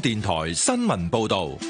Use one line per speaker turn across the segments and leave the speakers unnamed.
電台新聞報道。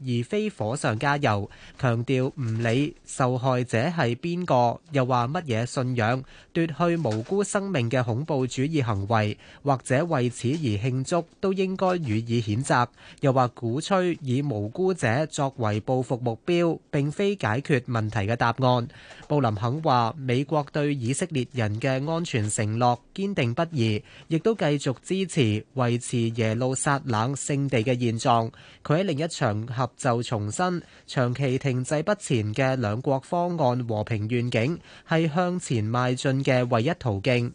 而非火上加油，強調唔理受害者係邊個，又話乜嘢信仰奪去無辜生命嘅恐怖主義行為，或者為此而慶祝，都應該予以譴責。又話鼓吹以無辜者作為報復目標，並非解決問題嘅答案。布林肯話：美國對以色列人嘅安全承諾堅定不移，亦都繼續支持維持耶路撒冷聖地嘅現狀。佢喺另一場。合就重申，長期停滯不前嘅兩國方案和平願景係向前邁進嘅唯一途徑。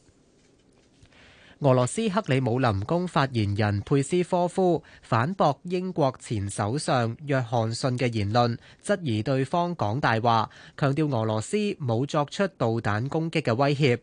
俄羅斯克里姆林宮發言人佩斯科夫反駁英國前首相約翰遜嘅言論，質疑對方講大話，強調俄羅斯冇作出導彈攻擊嘅威脅。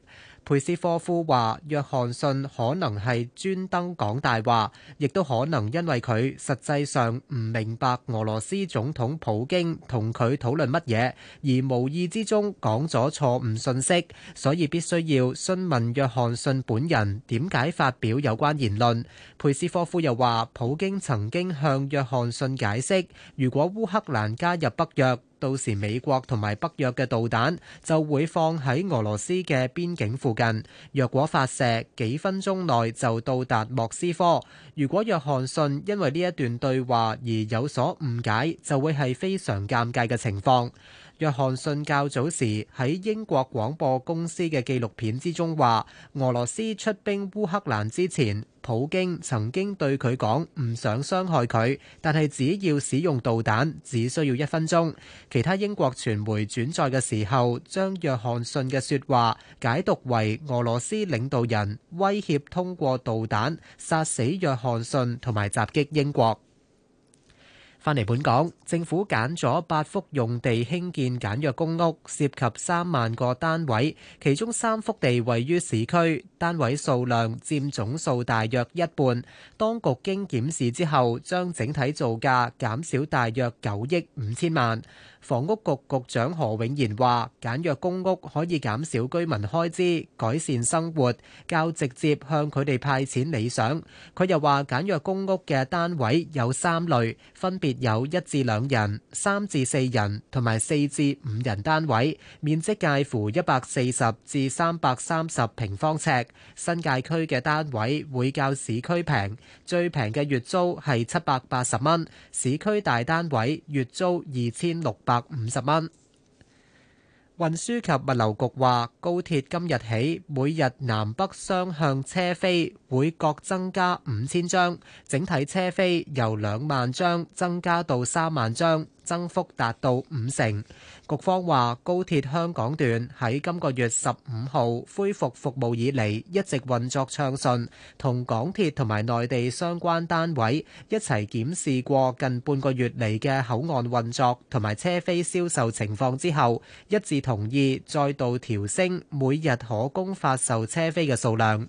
佩斯科夫話：約翰遜可能係專登講大話，亦都可能因為佢實際上唔明白俄羅斯總統普京同佢討論乜嘢，而無意之中講咗錯誤信息，所以必須要詢問約翰遜本人點解發表有關言論。佩斯科夫又話：普京曾經向約翰遜解釋，如果烏克蘭加入北約，到時美國同埋北約嘅導彈就會放喺俄羅斯嘅邊境附近。若果發射，幾分鐘內就到達莫斯科。如果約翰遜因為呢一段對話而有所誤解，就會係非常尷尬嘅情況。約翰遜較早時喺英國廣播公司嘅紀錄片之中話，俄羅斯出兵烏克蘭之前，普京曾經對佢講唔想傷害佢，但係只要使用導彈只需要一分鐘。其他英國傳媒轉載嘅時候，將約翰遜嘅說話解讀為俄羅斯領導人威脅通過導彈殺死約翰遜同埋襲擊英國。返嚟本港，政府揀咗八幅用地興建簡約公屋，涉及三萬個單位，其中三幅地位於市區，單位數量佔總數大約一半。當局經檢視之後，將整體造價減少大約九億五千萬。房屋局局長何永賢話：簡約公屋可以減少居民開支，改善生活，較直接向佢哋派錢理想。佢又話：簡約公屋嘅單位有三類，分別有一至兩人、三至四人同埋四至五人單位，面積介乎一百四十至三百三十平方尺。新界區嘅單位會較市區平，最平嘅月租係七百八十蚊。市區大單位月租二千六百百五十蚊。運輸及物流局話，高鐵今日起每日南北雙向車飛會各增加五千張，整體車飛由兩萬張增加到三萬張。增幅達到五成。局方話，高鐵香港段喺今個月十五號恢復服務以嚟，一直運作暢順，同港鐵同埋內地相關單位一齊檢視過近半個月嚟嘅口岸運作同埋車飛銷售情況之後，一致同意再度調升每日可供發售車飛嘅數量。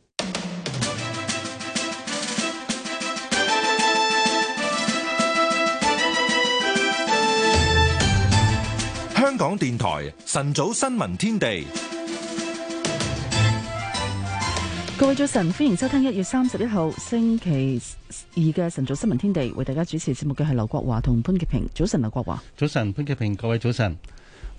香港電台晨早新聞天地，
各位早晨，歡迎收聽一月三十一號星期二嘅晨早新聞天地。為大家主持節目嘅係劉國華同潘潔平。早晨，
劉國華。早晨，潘潔平。各位早晨。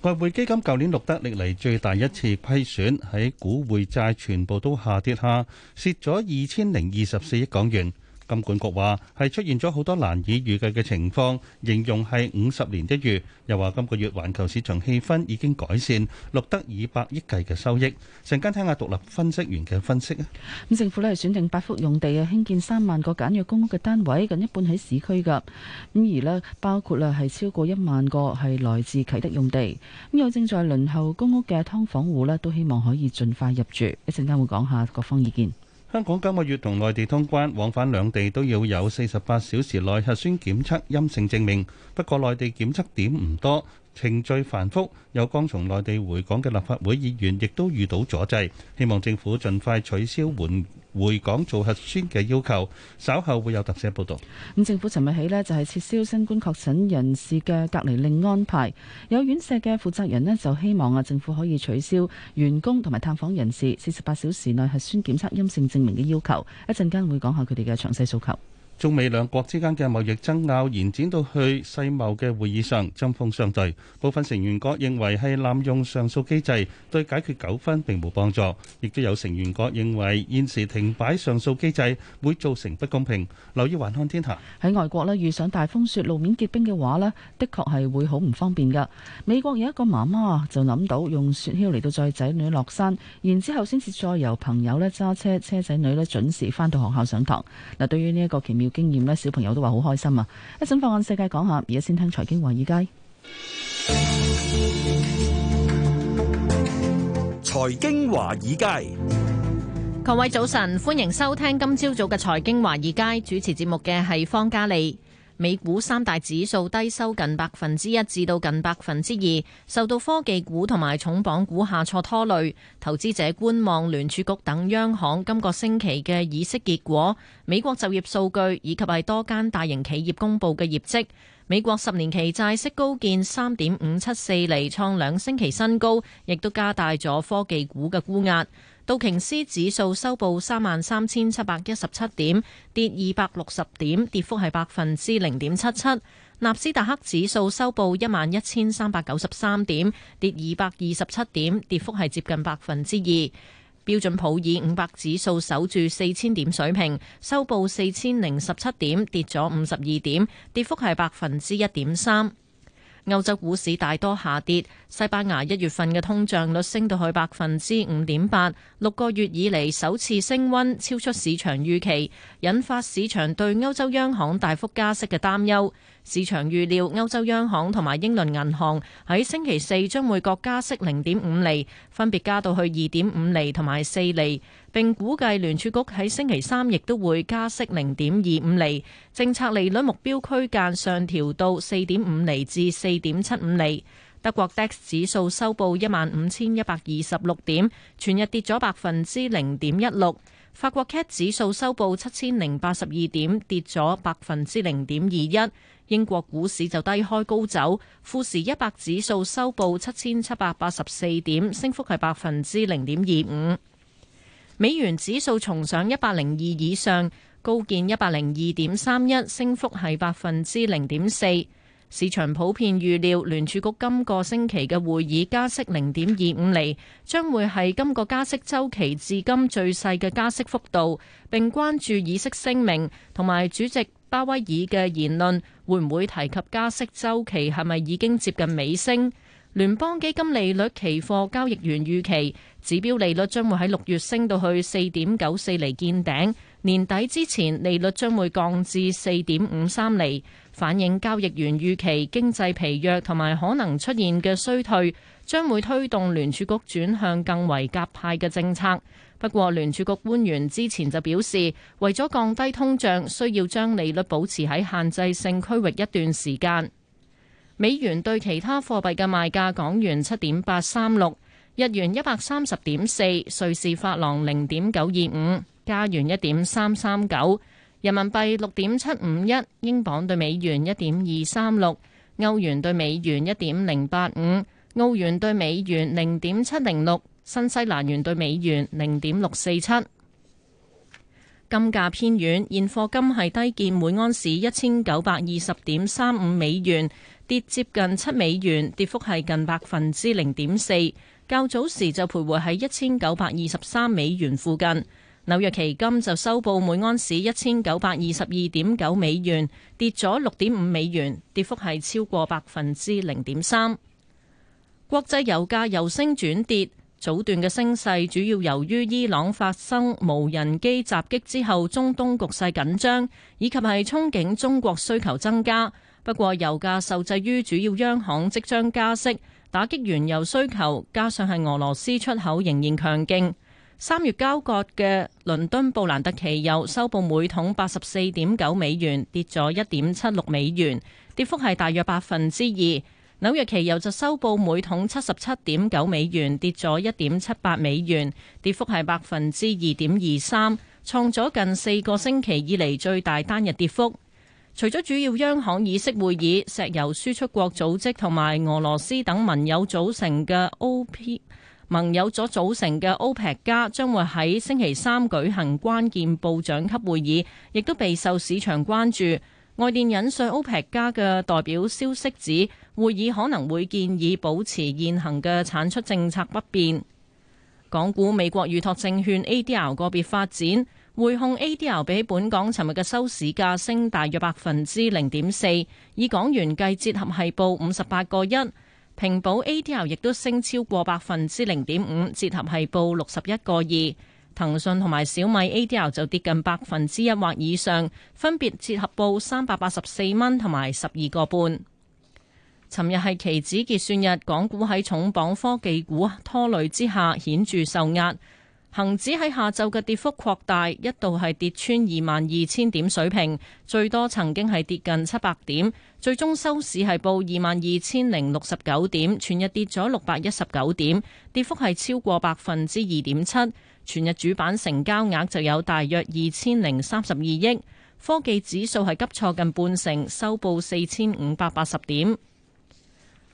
外匯基金舊年錄得歷嚟最大一次虧損，喺股匯債全部都下跌下，蝕咗二千零二十四億港元。監管局話係出現咗好多難以預計嘅情況，形容係五十年一遇。又話今個月環球市場氣氛已經改善，錄得二百億計嘅收益。一陣間聽下獨立分析員嘅分析啊。
咁政府咧係選定八幅用地啊，興建三萬個簡約公屋嘅單位，近一半喺市區噶。咁而咧包括咧係超過一萬個係來自啟德用地。咁有正在輪候公屋嘅劏房戶咧，都希望可以盡快入住。一陣間會講下各方意見。
香港今個月同內地通關，往返兩地都要有四十八小時內核酸檢測陰性證明。不過內地檢測點唔多。程序繁複，有剛從內地回港嘅立法會議員亦都遇到阻滯，希望政府盡快取消回港做核酸嘅要求。稍後會有特寫報道。咁、
嗯、政府尋日起呢，就係、是、撤銷新冠確診人士嘅隔離令安排，有院舍嘅負責人呢，就希望啊政府可以取消員工同埋探訪人士四十八小時內核酸檢測陰性證明嘅要求。一陣間會講下佢哋嘅詳細訴求。
中美兩國之間嘅貿易爭拗延展到去世貿嘅會議上，針鋒相對。部分成員國認為係濫用上訴機制，對解決糾紛並無幫助，亦都有成員國認為現時停擺上訴機制會造成不公平。留意還看天下。
喺外國咧，遇上大風雪路面結冰嘅話咧，的確係會好唔方便嘅。美國有一個媽媽就諗到用雪橇嚟到載仔女落山，然之後先至再由朋友咧揸車車仔女咧準時翻到學校上堂。嗱，對於呢一個奇妙經驗呢，小朋友都話好開心啊！一陣放眼世界講下，而家先聽財經華爾街。
財經華爾街，
各位早晨，歡迎收聽今朝早嘅財經華爾街，主持節目嘅係方嘉利。美股三大指數低收近百分之一至到近百分之二，受到科技股同埋重磅股下挫拖累。投資者觀望聯儲局等央行今個星期嘅議息結果、美國就業數據以及係多間大型企業公布嘅業績。美國十年期債息高見三點五七四厘，創兩星期新高，亦都加大咗科技股嘅沽壓。道瓊斯指數收報三萬三千七百一十七點，跌二百六十點，跌幅係百分之零點七七。納斯達克指數收報一萬一千三百九十三點，跌二百二十七點，跌幅係接近百分之二。標準普爾五百指數守住四千點水平，收報四千零十七點，跌咗五十二點，跌幅係百分之一點三。歐洲股市大多下跌，西班牙一月份嘅通脹率升到去百分之五點八，六個月以嚟首次升溫，超出市場預期，引發市場對歐洲央行大幅加息嘅擔憂。市場預料歐洲央行同埋英倫銀行喺星期四將每個加息零點五厘，分別加到去二點五厘同埋四厘，並估計聯儲局喺星期三亦都會加息零點二五厘，政策利率目標區間上調到四點五厘至四點七五厘。德國 DAX 指數收報一萬五千百二十六點，全日跌咗百分之零點一六。法國 CAC 指數收報七千零八十二點，跌咗百分之零點二一。英國股市就低開高走，富時一百指數收報七千七百八十四點，升幅係百分之零點二五。美元指數重上一百零二以上，高見一百零二點三一，升幅係百分之零點四。市場普遍預料聯儲局今個星期嘅會議加息零點二五厘，將會係今個加息週期至今最細嘅加息幅度，並關注議息聲明同埋主席鮑威爾嘅言論會唔會提及加息週期係咪已經接近尾聲？聯邦基金利率期貨交易員預期指標利率將會喺六月升到去四點九四厘見頂，年底之前利率將會降至四點五三厘。反映交易員預期經濟疲弱同埋可能出現嘅衰退，將會推動聯儲局轉向更為鴿派嘅政策。不過聯儲局官員之前就表示，為咗降低通脹，需要將利率保持喺限制性區域一段時間。美元對其他貨幣嘅賣價：港元七點八三六，日元一百三十點四，瑞士法郎零點九二五，加元一點三三九。人民幣六點七五一，英鎊對美元一點二三六，歐元對美元一點零八五，澳元對美元零點七零六，新西蘭元對美元零點六四七。金價偏軟，現貨金係低見每安士一千九百二十點三五美元，跌接近七美元，跌幅係近百分之零點四。較早時就徘徊喺一千九百二十三美元附近。紐約期金就收報每安士一千九百二十二點九美元，跌咗六點五美元，跌幅係超過百分之零點三。國際油價由升轉跌，早段嘅升勢主要由於伊朗發生無人機襲擊之後，中東局勢緊張，以及係憧憬中國需求增加。不過油價受制於主要央行即將加息，打擊原油需求，加上係俄羅斯出口仍然強勁。三月交割嘅倫敦布蘭特期油收報每桶八十四點九美元，跌咗一點七六美元，跌幅係大約百分之二。紐約期油就收報每桶七十七點九美元，跌咗一點七八美元，跌幅係百分之二點二三，創咗近四個星期以嚟最大單日跌幅。除咗主要央行議息會議，石油輸出國組織同埋俄羅斯等盟友組成嘅 o p 盟有咗組成嘅歐佩克加將會喺星期三舉行關鍵部長級會議，亦都備受市場關注。外電引述歐佩克加嘅代表消息指，會議可能會建議保持現行嘅產出政策不變。港股美國預託證券 ADR 個別發展，匯控 ADR 比起本港尋日嘅收市價升大約百分之零點四，以港元計折合係報五十八個一。平保 ADR 亦都升超過百分之零點五，折合係報六十一個二。騰訊同埋小米 ADR 就跌近百分之一或以上，分別折合報三百八十四蚊同埋十二個半。尋日係期指結算日，港股喺重磅科技股拖累之下，顯著受壓。恒指喺下晝嘅跌幅擴大，一度係跌穿二萬二千點水平，最多曾經係跌近七百點，最終收市係報二萬二千零六十九點，全日跌咗六百一十九點，跌幅係超過百分之二點七。全日主板成交額就有大約二千零三十二億。科技指數係急挫近半成，收報四千五百八十點。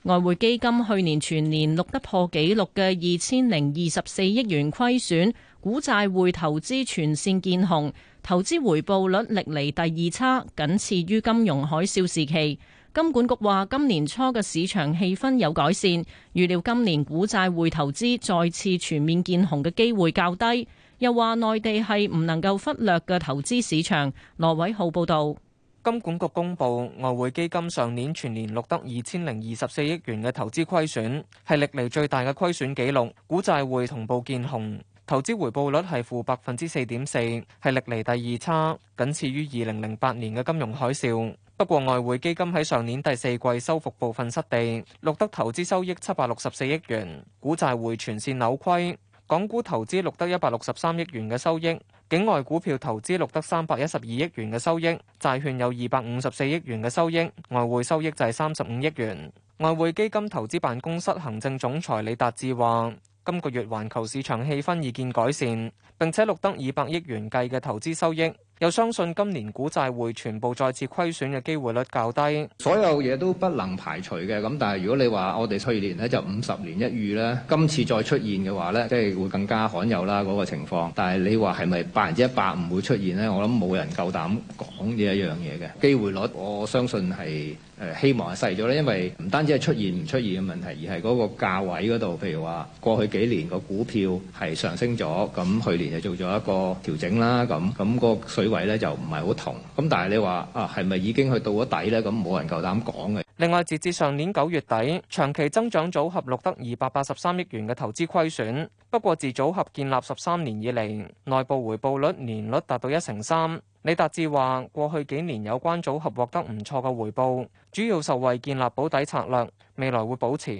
外匯基金去年全年錄得破紀錄嘅二千零二十四億元虧損，股債匯投資全綫見紅，投資回報率歷嚟第二差，僅次於金融海嘯時期。金管局話今年初嘅市場氣氛有改善，預料今年股債匯投資再次全面見紅嘅機會較低。又話內地係唔能夠忽略嘅投資市場。羅偉浩報道。金管局公布，外匯基金上年全年錄得二
千零二十四億元嘅投資虧損，係歷嚟最大嘅虧損紀錄，股債匯同步見紅，投資回報率係負百分之四點四，係歷嚟第二差，僅次於二零零八年嘅金融海嘯。不過外匯基金喺上年第四季收復部分失地，錄得投資收益七百六十四億元。股債匯全線扭虧，港股投資錄得一百六十三億元嘅收益。境外股票投資錄得三百一十二億元嘅收益，債券有二百五十四億元嘅收益，外匯收益就係三十五億元。外匯基金投資辦公室行政總裁李達志話，今個月環球市場氣氛已見改善，並且錄得二百億元計嘅投資收益。又相信今年股債會全部再次虧損嘅機會率較低，所有嘢都不能排除
嘅。咁但係如果你話我哋去年咧就五十年一遇啦，今次再出現嘅話咧，即係會更加罕有啦，嗰個情況。但係你話係咪百分之一百唔會出現咧？我諗冇人夠膽講呢一樣嘢嘅機會率，我相信係。誒希望係細咗啦，因為唔單止係出現唔出現嘅問題，而係嗰個價位嗰度，譬如話過去幾年個股票係上升咗，咁去年就做咗一個調整啦，咁咁個水位咧就唔係好同，咁但係你話啊係咪已經去到咗底咧？咁冇人夠膽講嘅。另外，截至上
年九月底，長期增長組合錄得二百八十三億元嘅投資虧損。不過，自組合建立十三年以嚟，內部回報率年率達到一成三。李達志話：過去幾年有關組合獲得唔錯嘅回報，主要受惠建立保底策略，未來會保持，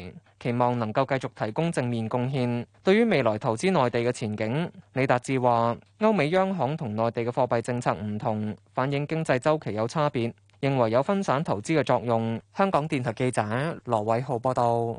期望能夠繼續提供正面貢獻。對於未來投資內地嘅前景，李達志話：歐美央行同內地嘅貨幣政策唔同，反映經濟週期有差別，認為有分散投資嘅作用。香港電台記者羅偉浩報道。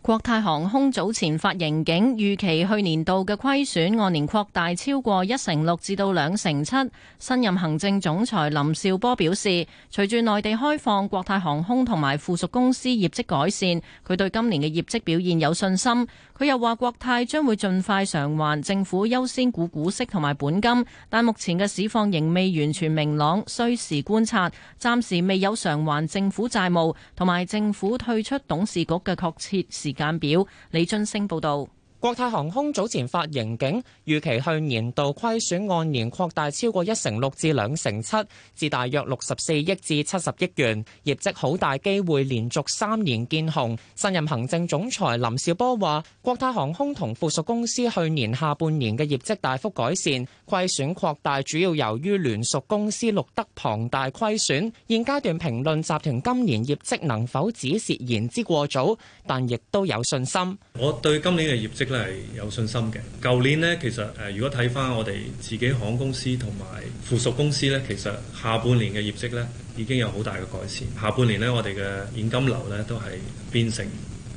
國泰航空早前發盈警，預期去年度嘅虧損按年擴大超過一成六至到兩成七。新任行政總裁林紹波表示，隨住內地開放，國泰航空同埋附屬公司業績改善，佢對今年嘅業績表現有信心。佢又話，國泰將會盡快償還政府優先股股息同埋本金，但目前嘅市況仍未完全明朗，需時觀察。暫時未有償還政府債務同埋政府退出董事局嘅確切。時間表，李津升報道。國泰航空早
前發盈警，預期去年度虧損按年擴大超過一成六至兩成七，至大約六十四億至七十億元。業績好大機會連續三年見紅。新任行政總裁林紹波話，國泰航空同附屬公司去年下半年嘅業績大幅改善，虧損擴大主要由於聯屬公司錄得龐大虧損。現階段評論集團今年業績能否止蝕言之過早，但亦都有信心。
我對今年嘅業績。都係有信心嘅。舊年呢，其實誒、呃，如果睇翻我哋自己行公司同埋附屬公司呢，其實下半年嘅業績呢已經有好大嘅改善。下半年呢，我哋嘅現金流呢都係變成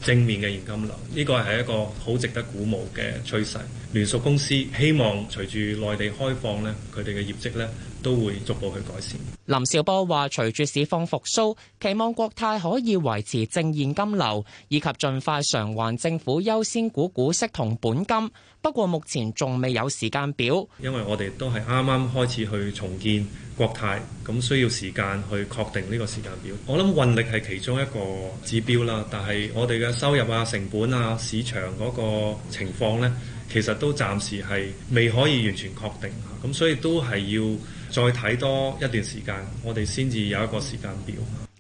正面嘅現金流，呢個係一個好值得鼓舞嘅趨勢。聯屬公司希望隨住內地開放呢，佢哋嘅業績呢。都會逐
步去改善。林紹波話，隨住市況復甦，期望國泰可以維持正現金流，以及盡快償還政府優先股股息同本金。不過目前仲未有時間表。
因為我哋都係啱啱開始去重建國泰，咁需要時間去確定呢個時間表。我諗運力係其中一個指標啦，但係我哋嘅收入啊、成本啊、市場嗰個情況咧，其實都暫時係未可以完全確定。咁所以都係要。再睇多一段時間，我哋先至有一個時間表。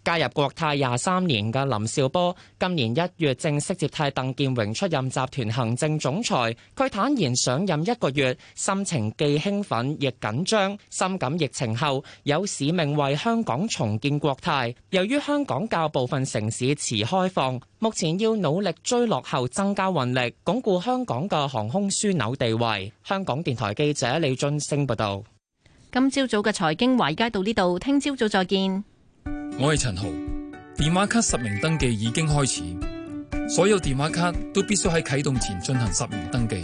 加入國泰廿三年嘅林少波，今年一月正式接替鄧建榮出任集團行政總裁。佢坦言上任一個月，心情既興奮亦緊張，深感疫情後有使命為香港重建國泰。由於香港較部分城市遲開放，目前要努力追落後，增加運力，鞏固香港嘅航空樞紐地位。香港電台記者李津星報導。
今朝早嘅財經華街到呢度，聽朝早再見。
我係陳豪。電話卡實名登記
已經開始，所有電話卡都必須喺啟動前進行實名登記。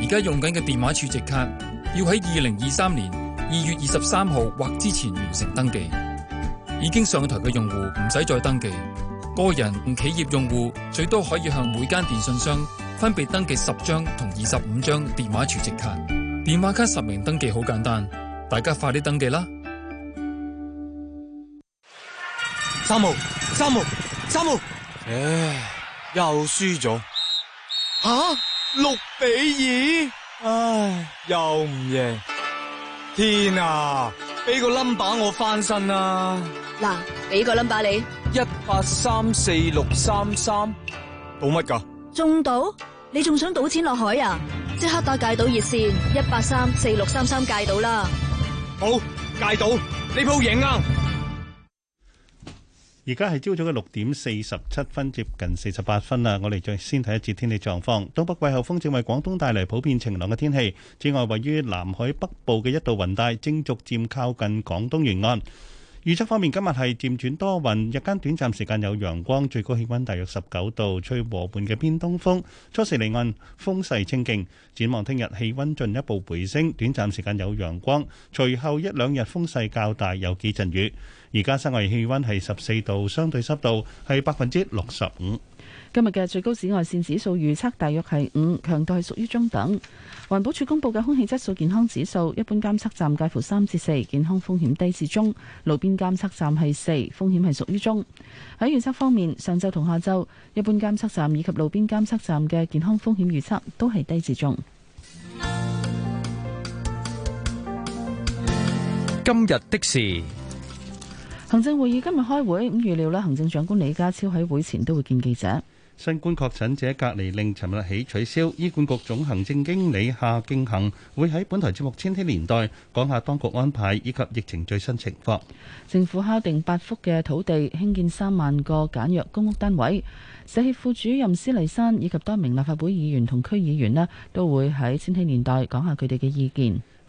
而家用緊嘅電話儲值卡要喺二零二三年二月二十三號或之前完成登記。已經上台嘅用戶唔使再登記。個人同企業用戶最多可以向每間電訊商分別登記十張同二十五張電話儲值卡。電話卡實名登記好簡單。大家快啲登記啦！三毛，三毛，三
毛，唉，又輸咗。吓，六比二，唉，又唔贏。天啊！
俾個 number 我翻身啊。嗱，俾個 number 你一八三四六三三，賭乜噶？仲賭？你仲想賭錢落海呀？即刻打戒賭熱綫一八三四六三三戒賭啦！好戒
到你鋪贏啊。
而家係朝早嘅六點四十七分，接近四十八分啦。我哋再先睇一節天氣狀況。東北季候風正為廣東帶嚟普遍晴朗嘅天氣。此外，位於南海北部嘅一道雲帶正逐漸靠近廣東沿岸。預測方面，今日係漸轉多雲，日間短暫時間有陽光，最高氣溫大約十九度，吹和緩嘅偏東風。初時離岸風勢清勁，展望聽日氣溫進一步回升，短暫時間有陽光，隨後一兩日風勢較大，有幾陣雨。而家室外氣溫係十四度，相對濕度係百分之六十五。
今日嘅最高紫外線指數預測大約係五，強度係屬於中等。環保署公布嘅空氣質素健康指數，一般監測站介乎三至四，健康風險低至中；路邊監測站係四，風險係屬於中。喺預測方面，上晝同下晝，一般監測站以及路邊監測站嘅健康風險預測都係低至中。今日的事，行政會議今日開會，咁預料咧，行政長官李家超喺會前都會見記者。
新冠確診者隔離令尋日起取消，醫管局總行政經理夏敬恒會喺本台節目《千禧年代》講下當局安排以及疫情最新情況。
政府敲定八幅嘅土地興建三萬個簡約公屋單位，社協副主任施麗珊以及多名立法會議員同區議員呢，都會喺《千禧年代》講下佢哋嘅意見。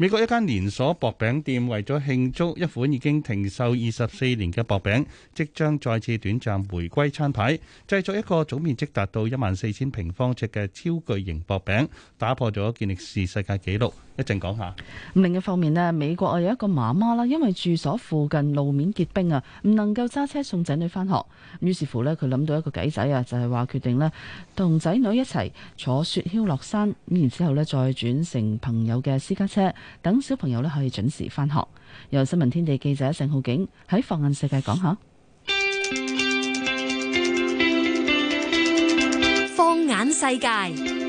美國一間連鎖薄餅店為咗慶祝一款已經停售二十四年嘅薄餅，即將再次短暫回歸餐牌，製作一個總面積達到一萬四千平方尺嘅超巨型薄餅，打破咗健力士世界紀錄。講一陣講下。
另一方面咧，美國有一個媽媽啦，因為住所附近路面結冰啊，唔能夠揸車送仔女翻學，於是乎咧，佢諗到一個計仔啊，就係、是、話決定咧同仔女一齊坐雪橇落山，然之後咧再轉乘朋友嘅私家車。等小朋友呢可以準時返學。由新聞天地記者鄭浩景喺放眼世界講下。
放眼世界。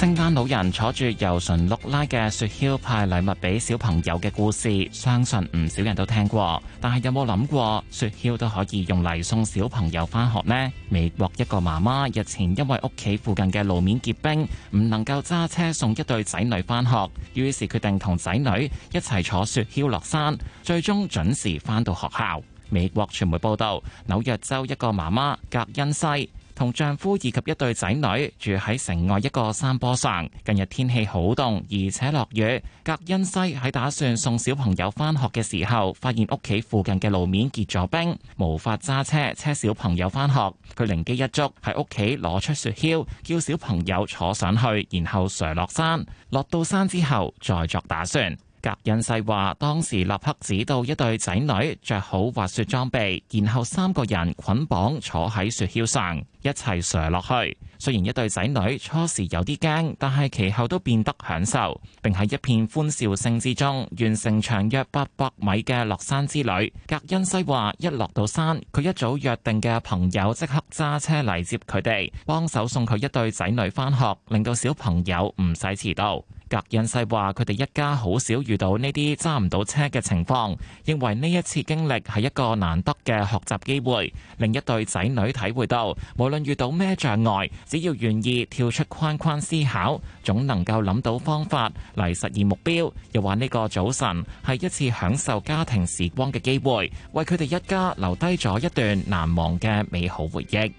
聖誕老人坐住由馴鹿拉嘅雪橇派禮物俾小朋友嘅故事，相信唔少人都聽過。但係有冇諗過，雪橇都可以用嚟送小朋友返學呢？美國一個媽媽日前因為屋企附近嘅路面結冰，唔能夠揸車送一對仔女返學，於是決定同仔女一齊坐雪橇落山，最終準時返到學校。美國傳媒報導，紐約州一個媽媽，格恩西。同丈夫以及一對仔女住喺城外一個山坡上。近日天氣好凍，而且落雨。格恩西喺打算送小朋友翻學嘅時候，發現屋企附近嘅路面結咗冰，無法揸車車小朋友翻學。佢靈機一觸，喺屋企攞出雪橇，叫小朋友坐上去，然後垂落山。落到山之後再作打算。格恩西話：當時立刻指導一對仔女着好滑雪裝備，然後三個人捆綁坐喺雪橇上一齊瀡落去。雖然一對仔女初時有啲驚，但係其後都變得享受，並喺一片歡笑聲之中完成長約八百米嘅落山之旅。格恩西話：一落到山，佢一早約定嘅朋友即刻揸車嚟接佢哋，幫手送佢一對仔女返學，令到小朋友唔使遲到。格恩西話：佢哋一家好少遇到呢啲揸唔到車嘅情況，認為呢一次經歷係一個難得嘅學習機會，令一對仔女體會到無論遇到咩障礙，只要願意跳出框框思考，總能夠諗到方法嚟實現目標。又話呢個早晨係一次享受家庭時光嘅機會，為佢哋一家留低咗一段難忘嘅美好回憶。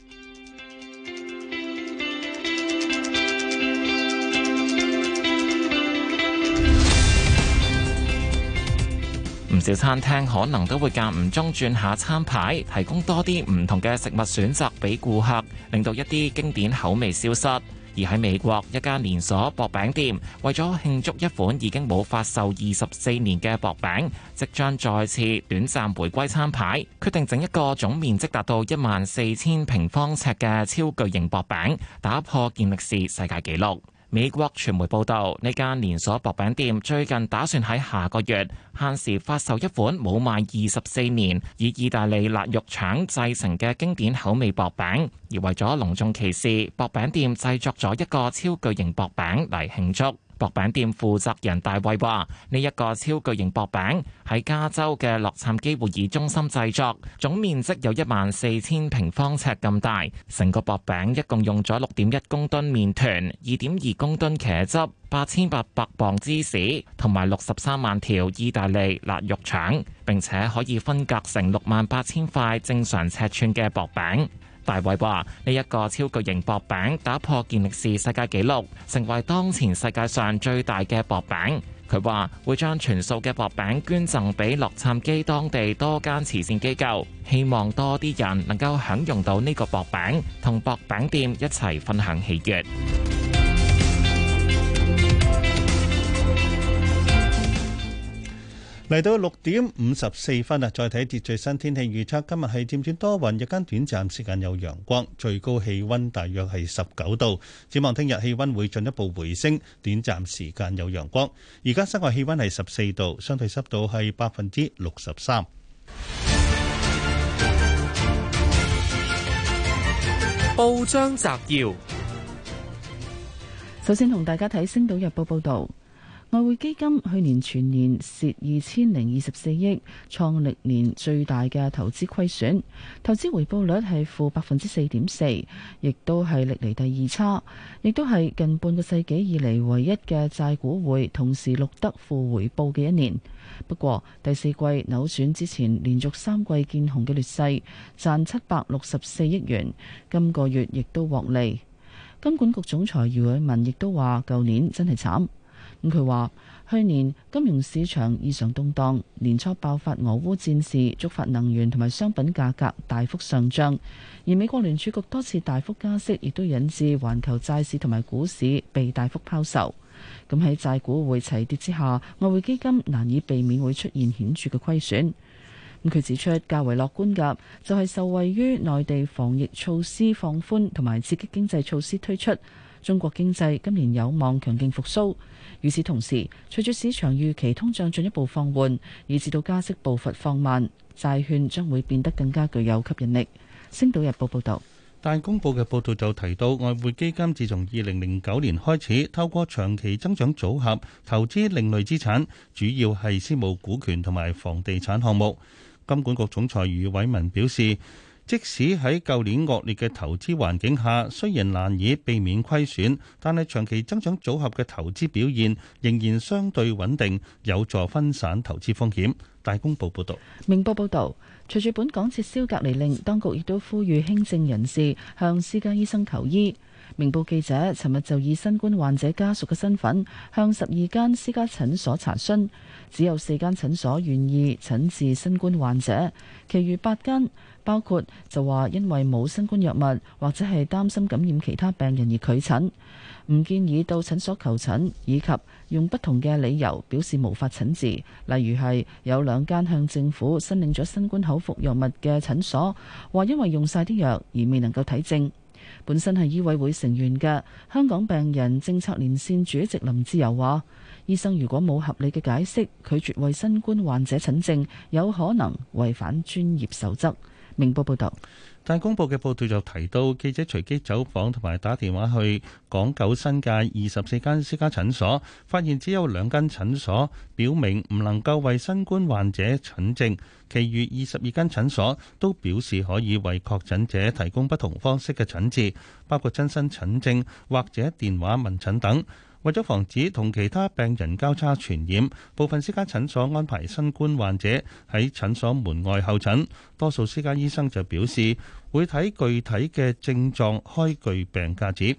小餐廳可能都會間唔中轉下餐牌，提供多啲唔同嘅食物選擇俾顧客，令到一啲經典口味消失。而喺美國，一家連鎖薄餅店為咗慶祝一款已經冇發售二十四年嘅薄餅，即將再次短暫回歸餐牌，決定整一個總面積達到一萬四千平方尺嘅超巨型薄餅，打破健力士世界紀錄。美國傳媒報導，呢間連鎖薄餅店最近打算喺下個月限時發售一款冇賣二十四年以意大利辣肉腸製成嘅經典口味薄餅，而為咗隆重其事，薄餅店製作咗一個超巨型薄餅嚟慶祝。薄餅店負責人大衛話：呢、這、一個超巨型薄餅喺加州嘅洛杉磯會議中心製作，總面積有一萬四千平方尺咁大。成個薄餅一共用咗六點一公噸麵團、二點二公噸茄汁、八千八百磅芝士，同埋六十三萬條意大利辣肉腸。並且可以分隔成六萬八千塊正常尺寸嘅薄餅。大偉話：呢一個超巨型薄餅打破健力士世界紀錄，成為當前世界上最大嘅薄餅。佢話會將全數嘅薄餅捐贈俾洛杉磯當地多間慈善機構，希望多啲人能夠享用到呢個薄餅，同薄餅店一齊分享喜悅。
嚟到六點五十四分啊！再睇跌最新天氣預測，今日係漸轉多雲，日間短暫時間有陽光，最高氣温大約係十九度。展望聽日氣温會進一步回升，短暫時間有陽光。而家室外氣温係十四度，相對濕度係百分之六十三。報章摘要，
首先同大家睇《星島日報》報道。外匯基金去年全年蝕二千零二十四億，創歷年最大嘅投資虧損，投資回報率係負百分之四點四，亦都係歷嚟第二差，亦都係近半個世紀以嚟唯一嘅債股匯同時錄得負回報嘅一年。不過第四季扭轉之前，連續三季見紅嘅劣勢賺七百六十四億元，今個月亦都獲利。金管局總裁余偉文亦都話，舊年真係慘。咁佢話：去年金融市場異常動盪，年初爆發俄烏戰事，觸發能源同埋商品價格大幅上漲；而美國聯儲局多次大幅加息，亦都引致環球債市同埋股市被大幅拋售。咁喺債股會齊跌之下，外匯基金難以避免會出現顯著嘅虧損。咁佢指出，較為樂觀嘅就係、是、受惠於內地防疫措施放寬同埋刺激經濟措施推出。中國經濟今年有望強勁復甦，與此同時，隨住市場預期通脹進一步放緩，以至到加息步伐放慢，債券將會變得更加具有吸引力。星島日報報道。
大公報嘅報道就提到，外匯基金自從二零零九年開始，透過長期增長組合投資另類資產，主要係私募股權同埋房地產項目。金管局總裁余偉文表示。即使喺舊年惡劣嘅投資環境下，雖然難以避免虧損，但係長期增長組合嘅投資表現仍然相對穩定，有助分散投資風險。大公報報道。
明報報道，隨住本港撤銷隔離令，當局亦都呼籲輕症人士向私家醫生求醫。明報記者尋日就以新冠患者家屬嘅身份向十二間私家診所查詢，只有四間診所願意診治新冠患者，其餘八間，包括就話，因為冇新冠藥物，或者係擔心感染其他病人而拒診，唔建議到診所求診，以及用不同嘅理由表示無法診治，例如係有兩間向政府申領咗新冠口服藥物嘅診所話，因為用晒啲藥而未能夠睇症。本身係醫委會成員嘅香港病人政策連線主席林志友話，醫生如果冇合理嘅解釋，拒絕為新冠患者診症，有可能違反專業守則。明報報道，
大公報嘅報道就提到，記者隨機走訪同埋打電話去港九新界二十四間私家診所，發現只有兩間診所表明唔能夠為新冠患者診症，其餘二十二間診所都表示可以為確診者提供不同方式嘅診治，包括親身診症或者電話問診等。為咗防止同其他病人交叉傳染，部分私家診所安排新冠患者喺診所門外候診。多數私家醫生就表示會睇具體嘅症狀，開具病假紙。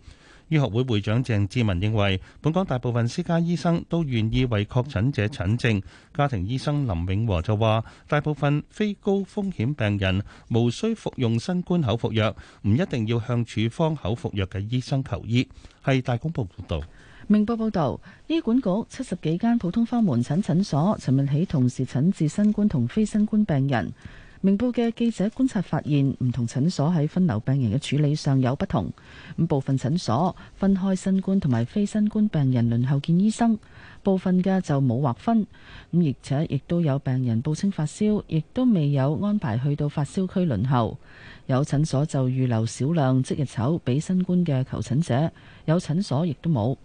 醫學會會長鄭志文認為，本港大部分私家醫生都願意為確診者診症。家庭醫生林永和就話，大部分非高風險病人無需服用新冠口服藥，唔一定要向處方口服藥嘅醫生求醫。係大公報報導。
明報報道，醫管局七十幾間普通科門診診所，尋日起同時診治新冠同非新冠病人。明報嘅記者觀察發現，唔同診所喺分流病人嘅處理上有不同。咁部分診所分開新冠同埋非新冠病人輪候見醫生，部分嘅就冇劃分。咁而且亦都有病人報稱發燒，亦都未有安排去到發燒區輪候。有診所就預留少量即日籌俾新冠嘅求診者，有診所亦都冇。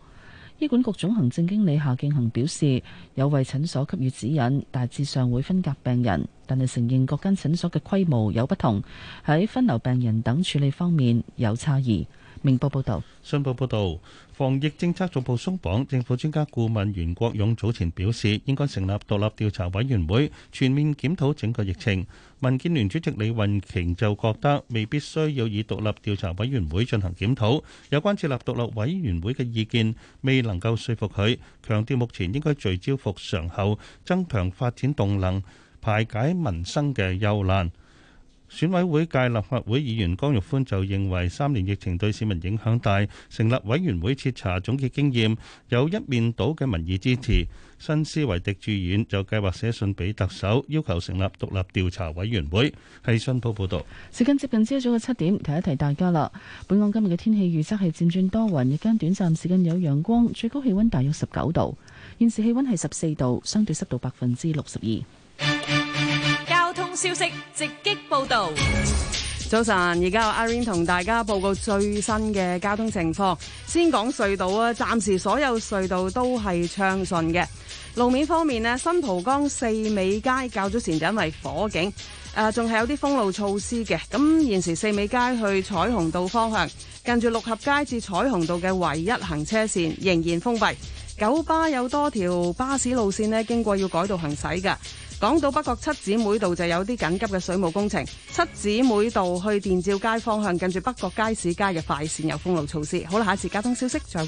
醫管局總行政經理夏敬恒表示，有為診所給予指引，大致上會分隔病人，但係承認各間診所嘅規模有不同，喺分流病人等處理方面有差異。明報報導，
信報報導，防疫政策逐步鬆綁。政府專家顧問袁國勇早前表示，應該成立獨立調查委員會，全面檢討整個疫情。民建聯主席李慧瓊就覺得未必需要以獨立調查委員會進行檢討，有關設立獨立委員會嘅意見未能夠說服佢，強調目前應該聚焦復常後增強發展動能，排解民生嘅憂難。選委會界立法會議員江玉歡就認為三年疫情對市民影響大，成立委員會徹查總結經驗，有一面倒嘅民意支持。新思維狄志遠就計劃寫信俾特首，要求成立獨立調查委員會。係信報報道。
時間接近朝早嘅七點，提一提大家啦。本港今日嘅天氣預測係漸轉多雲，日間短暫時間有陽光，最高氣溫大約十九度。現時氣溫係十四度，相對濕度百分之六十二。
消息直擊報道，
早晨，而家阿 Irene 同大家報告最新嘅交通情況。先講隧道啊，暫時所有隧道都係暢順嘅。路面方面呢，新蒲崗四美街較早前就因為火警，誒仲係有啲封路措施嘅。咁現時四美街去彩虹道方向，近住六合街至彩虹道嘅唯一行車線仍然封閉。九巴有多條巴士路線呢，經過要改道行駛噶。講到北角七姊妹道就有啲緊急嘅水務工程，七姊妹道去電照街方向近住北角街市街嘅快線有封路措施。好啦，下次交通消息再會。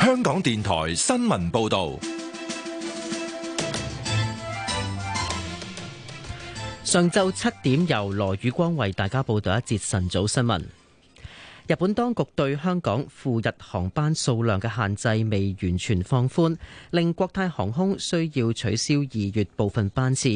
香港電台新聞報道。
上晝七點，由羅宇光為大家報道一節晨早新聞。日本當局對香港赴日航班數量嘅限制未完全放寬，令國泰航空需要取消二月部分班次。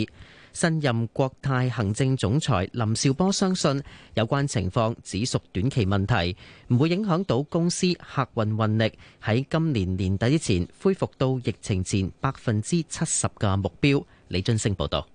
新任國泰行政總裁林紹波相信，有關情況只屬短期問題，唔會影響到公司客運運力喺今年年底之前恢復到疫情前百分之七十嘅目標。李津升報道。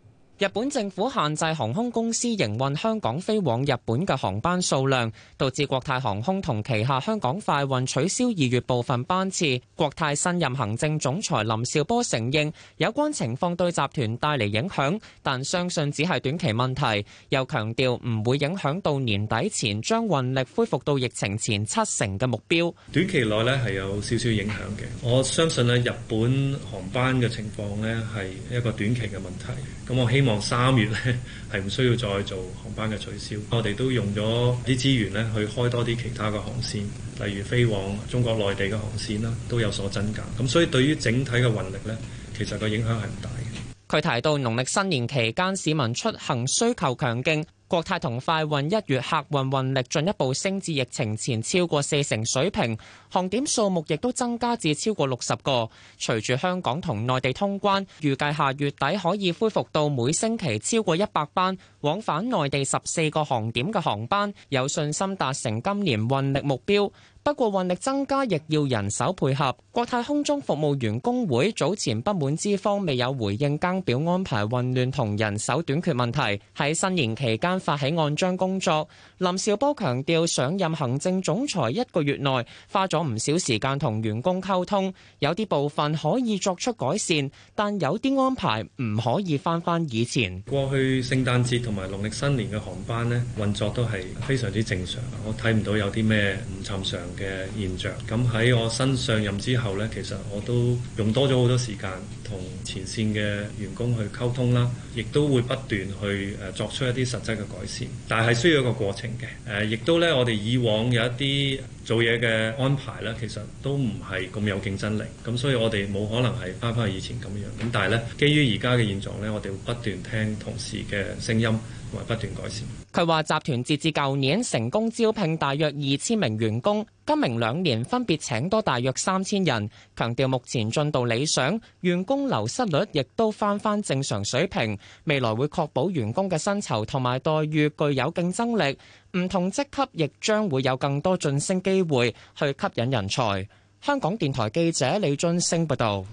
日本政府限制航空公司營運香港飛往日本嘅航班數量，導致國泰航空同旗下香港快運取消二月部分班次。國泰新任行政總裁林紹波承認有關情況對集團帶嚟影響，但相信只係短期問題，又強調唔會影響到年底前將運力恢復到疫情前七
成嘅目標。短期內咧係有少少影響嘅，我相信咧日本航班嘅情況咧係一個短期嘅問題，咁我希望。三月咧，係唔需要再做航班嘅取消。我哋都用咗啲資源咧，去開多啲其他嘅航線，例如飛往中國內地嘅航線啦，都有所增加。咁所以對於整體嘅運力咧，其實個影響係唔大嘅。
佢提到，農曆新年期間市民出行需求強勁。國泰同快運一月客運運力進一步升至疫情前超過四成水平，航點數目亦都增加至超過六十個。隨住香港同內地通關，預計下月底可以恢復到每星期超過一百班往返內地十四個航點嘅航班，有信心達成今年運力目標。不過運力增加亦要人手配合。國泰空中服務員工會早前不滿資方未有回應更表安排混亂同人手短缺問題，喺新年期間發起按章工作。林兆波強調上任行政總裁一個月內花咗唔少時間同員工溝通，有啲部分可以作出改善，但有啲安
排唔可以返返以前。過去聖誕節同埋農曆新年嘅航班呢，運作都係非常之正常，我睇唔到有啲咩唔尋常嘅現象，咁喺我新上任之後咧，其實我都用多咗好多時間。同前線嘅員工去溝通啦，亦都會不斷去誒作出一啲實質嘅改善，但係需要一個過程嘅。誒亦都咧，我哋以往有一啲做嘢嘅安排啦，其實都唔係咁有競爭力，咁所以我哋冇可能係翻返去以前咁樣，咁但係咧，基於而家嘅現狀咧，我哋會不斷聽同事嘅聲音同埋不斷改善。佢話集團
截至舊年成功招聘大約二千名員工，今明兩年分別請多大約三千人，強調目前進度理想，員工。流失率亦都翻返正常水平，未來會確保員工嘅薪酬同埋待遇具有競爭力，唔同職級亦將會有更多晉升機會去吸引人才。香港電台記者李俊升報道。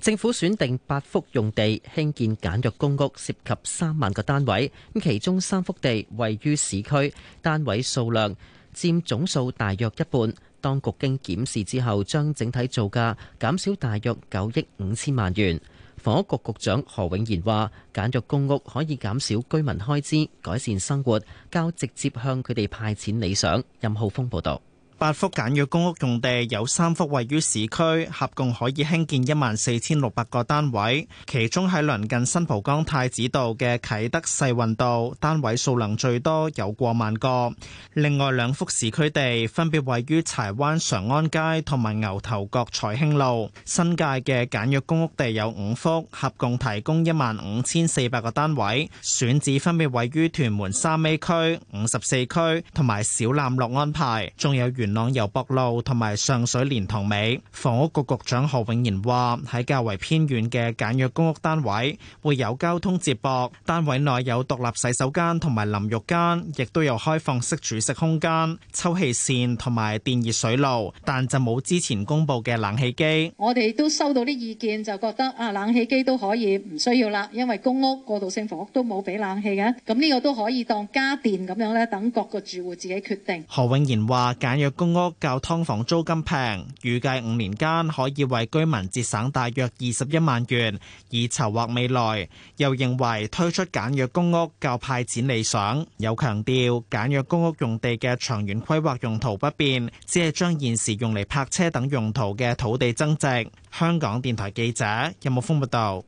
政府選定八幅用地興建簡約公屋，涉及三萬個單
位，咁其中三幅地位於市區，單位數量佔總數大約一半。當局經檢視之後，將整體造價減少大約九億五千萬元。房屋局局長何永賢話：簡約公屋可以減少居民開支，改善生活，較直接向佢哋派錢理想。任浩峰報
道。八幅簡約公屋用地有三幅位於市區，合共可以興建一萬四千六百個單位，其中喺鄰近新蒲崗太子道嘅啟德世運道單位數量最多，有過萬個。另外兩幅市區地分別位於柴灣常安街同埋牛頭角財興路。新界嘅簡約公屋地有五幅，合共提供一萬五千四百個單位，選址分別位於屯門三 A 區、五十四區同埋小欖樂安排，仲有原。朗油博路同埋上水蓮塘尾，房屋局局長何永賢話：喺較為偏遠嘅簡約公屋單位會有交通接駁，單位內有獨立洗手間同埋淋浴間，亦都有開放式煮食空間、抽氣扇同埋電熱水爐，但就冇之前公布嘅冷氣機。
我哋都收到啲意見，就覺得啊，冷氣機都可以唔需要啦，因為公屋過渡性房屋都冇俾冷氣嘅，咁呢個都可以當家電咁樣咧，等各個住戶自己決定。
何永賢話：簡約。公屋較劏房租金平，預計五年間可以為居民節省大約二十一萬元。以籌劃未來，又認為推出簡約公屋較派錢理想。有強調簡約公屋用地嘅長遠規劃用途不變，只係將現時用嚟泊車等用途嘅土地增值。香港電台
記者任木風報道。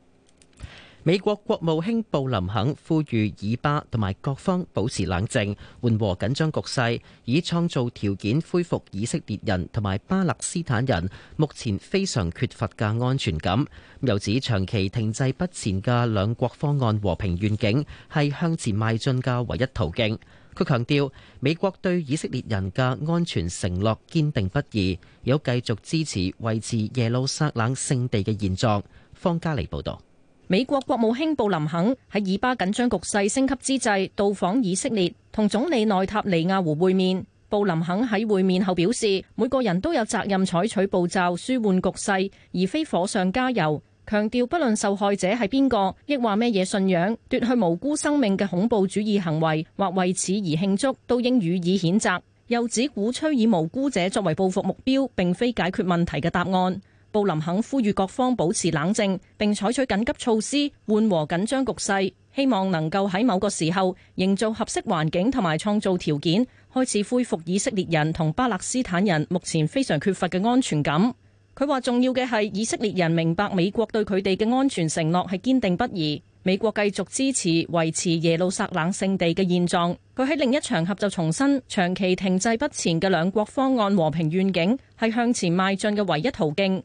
美國國務卿布林肯呼籲以巴同埋各方保持冷靜，緩和緊張局勢，以創造條件恢復以色列人同埋巴勒斯坦人目前非常缺乏嘅安全感。由此長期停滯不前嘅兩國方案和平願景係向前邁進嘅唯一途徑，佢強調美國對以色列人嘅安全承諾堅定不移，有繼續支持維持耶路撒冷聖地嘅現狀，方嘉莉報道。
美國國務卿布林肯喺以巴緊張局勢升級之際到訪以色列，同總理內塔尼亞胡會面。布林肯喺會面後表示，每個人都有責任採取步驟舒緩局勢，而非火上加油。強調不論受害者係邊個，亦話咩嘢信仰，奪去無辜生命嘅恐怖主義行為或為此而慶祝，都應予以譴責。又指鼓吹以無辜者作為報復目標，並非解決問題嘅答案。布林肯呼籲各方保持冷靜，並採取緊急措施緩和緊張局勢，希望能夠喺某個時候營造合適環境同埋創造條件，開始恢復以色列人同巴勒斯坦人目前非常缺乏嘅安全感。佢話重要嘅係以色列人明白美國對佢哋嘅安全承諾係堅定不移，美國繼續支持維持耶路撒冷聖地嘅現狀。佢喺另一場合就重申，長期停滯不前嘅兩國方案和平願景係向前邁進嘅唯一途徑。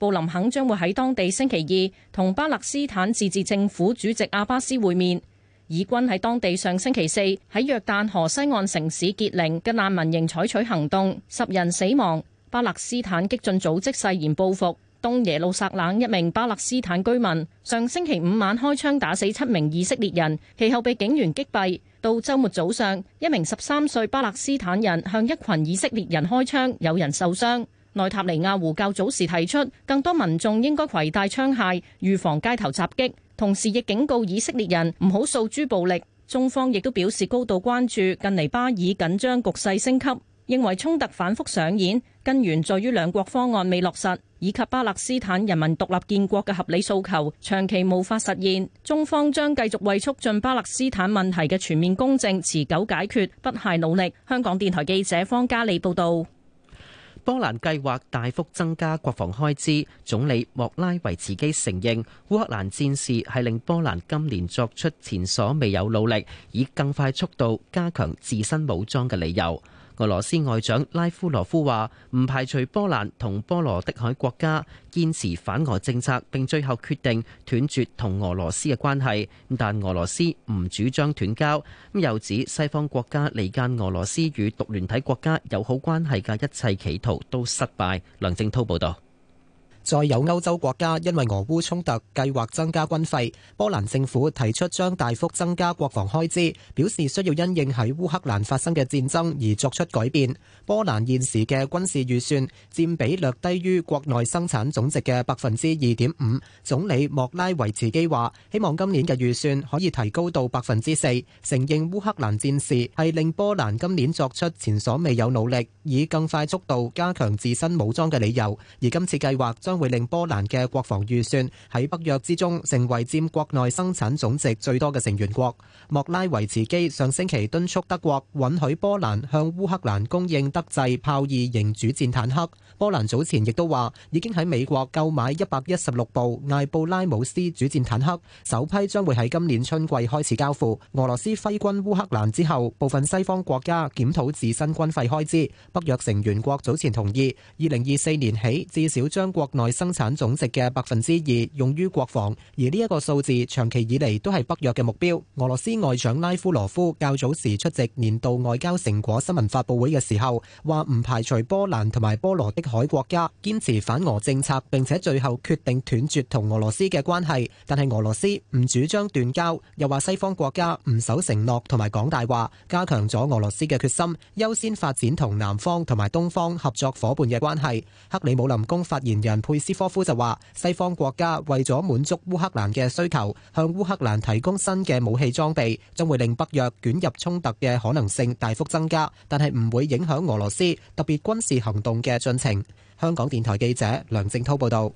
布林肯將會喺當地星期二同巴勒斯坦自治政府主席阿巴斯會面。以軍喺當地上星期四喺約旦河西岸城市傑寧嘅難民營採取行動，十人死亡。巴勒斯坦激進組織誓言報復。東耶路撒冷一名巴勒斯坦居民上星期五晚開槍打死七名以色列人，其後被警員擊斃。到周末早上，一名十三歲巴勒斯坦人向一群以色列人開槍，有人受傷。內塔尼亞胡較早時提出，更多民眾應該攜帶槍械預防街頭襲擊，同時亦警告以色列人唔好訴諸暴力。中方亦都表示高度關注近嚟巴以緊張局勢升級，認為衝突反覆上演根源在於兩國方案未落實，以及巴勒斯坦人民獨立建國嘅合理訴求長期無法實現。中方將繼續為促進巴勒斯坦問題嘅全面公正持久解決不懈努力。香港電台記者方嘉利報道。
波蘭計劃大幅增加國防開支，總理莫拉維茨基承認烏克蘭戰事係令波蘭今年作出前所未有努力，以更快速度加強自身武裝嘅理由。俄羅斯外長拉夫羅夫話：唔排除波蘭同波羅的海國家堅持反俄政策，並最後決定斷絕同俄羅斯嘅關係。但俄羅斯唔主張斷交，又指西方國家離間俄羅斯與獨聯體國家友好關係嘅一切企圖都失敗。梁正滔報導。再有歐洲國家
因為俄烏衝突計劃增加軍費，波蘭政府提出將大幅增加國防開支，表示需要因應喺烏克蘭發生嘅戰爭而作出改變。波蘭現時嘅軍事預算佔比略低於國內生產總值嘅百分之二點五。總理莫拉維茨基話：希望今年嘅預算可以提高到百分之四，承認烏克蘭戰事係令波蘭今年作出前所未有努力，以更快速度加強自身武裝嘅理由。而今次計劃將會令波蘭嘅國防預算喺北約之中成為佔國內生產總值最多嘅成員國。莫拉維茨基上星期敦促德國允許波蘭向烏克蘭供應德製豹二型主戰坦克。波蘭早前亦都話，已經喺美國購買一百一十六部艾布拉姆斯主戰坦克，首批將會喺今年春季開始交付。俄羅斯揮軍烏克蘭之後，部分西方國家檢討自身軍費開支。北約成員國早前同意，二零二四年起至少將國內生產總值嘅百分之二用於國防，而呢一個數字長期以嚟都係北約嘅目標。俄羅斯外長拉夫羅夫較早時出席年度外交成果新聞發佈會嘅時候，話唔排除波蘭同埋波羅的。海國家堅持反俄政策，並且最後決定斷絕同俄羅斯嘅關係。但係俄羅斯唔主張斷交，又話西方國家唔守承諾同埋講大話，加強咗俄羅斯嘅決心，優先發展同南方同埋東方合作夥伴嘅關係。克里姆林宮發言人佩斯科夫就話西方國家為咗滿足烏克蘭嘅需求，向烏克蘭提供新嘅武器裝備，將會令北約捲入衝突嘅可能性大幅增加，但係唔會影響俄羅斯特
別軍事行動嘅進程。香港電台記者梁正濤報道。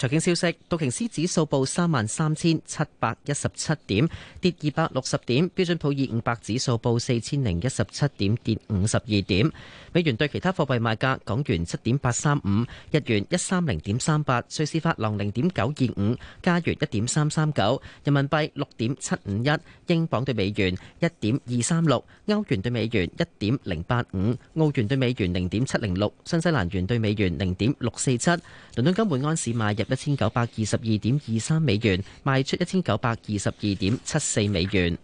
財經消息：道瓊斯指數報三萬三千七百一十七點，跌二百六十點；標準普爾五百指數報四千零一十七點，跌五十二點。美元對其他貨幣賣價：港元七點八三五，日元一三零點三八，瑞士法郎零點九二五，加元一點三三九，人民幣六點七五一，英鎊對美元一點二三六，歐元對美元一點零八五，澳元對美元零點七零六，新西蘭元對美元零點六四七。倫敦金每安士賣入。一千九百二十二點二三美元賣出一千九百二十二點七四美元。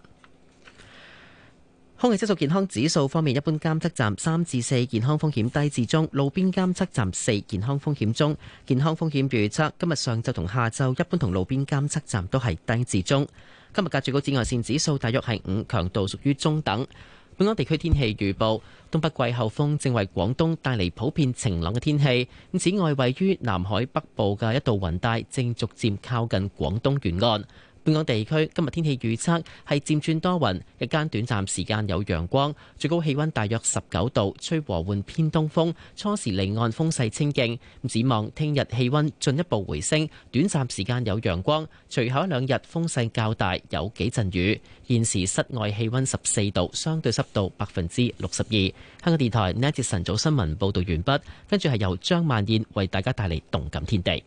空氣質素健康指數方面，一般監測站三至四健康風險低至中，路邊監測站四健康風險中。健康風險預測今日上晝同下晝一般同路邊監測站都係低至中。今日嘅最高紫外綫指數大約係五，強度屬於中等。本港地區天氣預報，東北季候風正為廣東帶嚟普遍晴朗嘅天氣。此外，位於南海北部嘅一道雲帶正逐漸靠近廣東沿岸。本港地區今日天氣預測係漸轉多雲，日間短暫時間有陽光，最高氣温大約十九度，吹和緩偏東風，初時離岸風勢清勁。展望聽日氣温進一步回升，短暫時間有陽光，隨後一兩日風勢較大，有幾陣雨。現時室外氣温十四度，相對濕度百分之六十二。香港電台呢一節晨早新聞報導完畢，跟住係由張曼燕為大家帶嚟動感天地。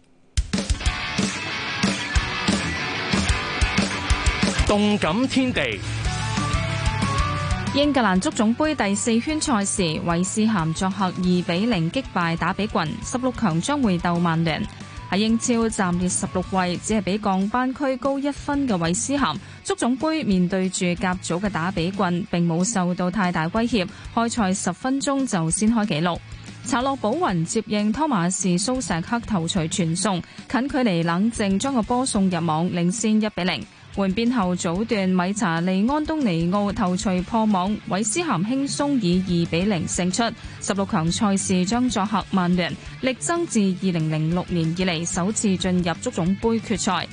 動感天地，
英格蘭足總杯第四圈賽事，韋斯咸作客二比零擊敗打比郡。十六強將會鬥曼聯。喺英超暫列十六位，只係比降班區高一分嘅韋斯咸。足總杯面對住甲組嘅打比郡，並冇受到太大威脅。開賽十分鐘就先開紀錄，查洛保云接應湯馬士蘇石克頭錘傳送，近距離冷靜將個波送入網，領先一比零。換邊後早段，米查利·安東尼奧頭槌破網，韋斯咸輕鬆以二比零勝出。十六強賽事將作客曼聯，力爭自二零零六年以來首次進入足總杯決賽。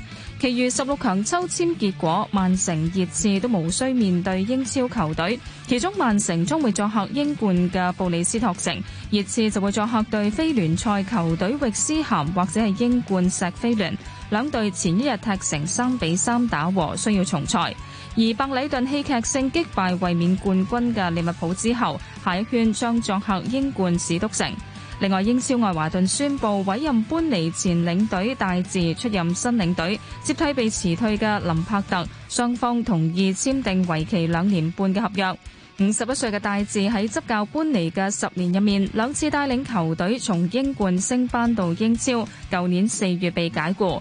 其餘十六強抽籤結果，曼城熱刺都無需面對英超球隊，其中曼城將會作客英冠嘅布里斯托城，熱刺就會作客對非聯賽球隊域斯咸或者係英冠石菲聯，兩隊前一日踢成三比三打和，需要重賽。而白禮頓戲劇性擊敗衛冕冠軍嘅利物浦之後，下一圈將作客英冠史篤城。另外，英超愛華頓宣布委任搬離前領隊戴治出任新領隊，接替被辭退嘅林柏特。雙方同意簽訂為期兩年半嘅合約。五十一歲嘅戴治喺執教搬離嘅十年入面，兩次帶領球隊從英冠升班到英超。舊年四月被解雇。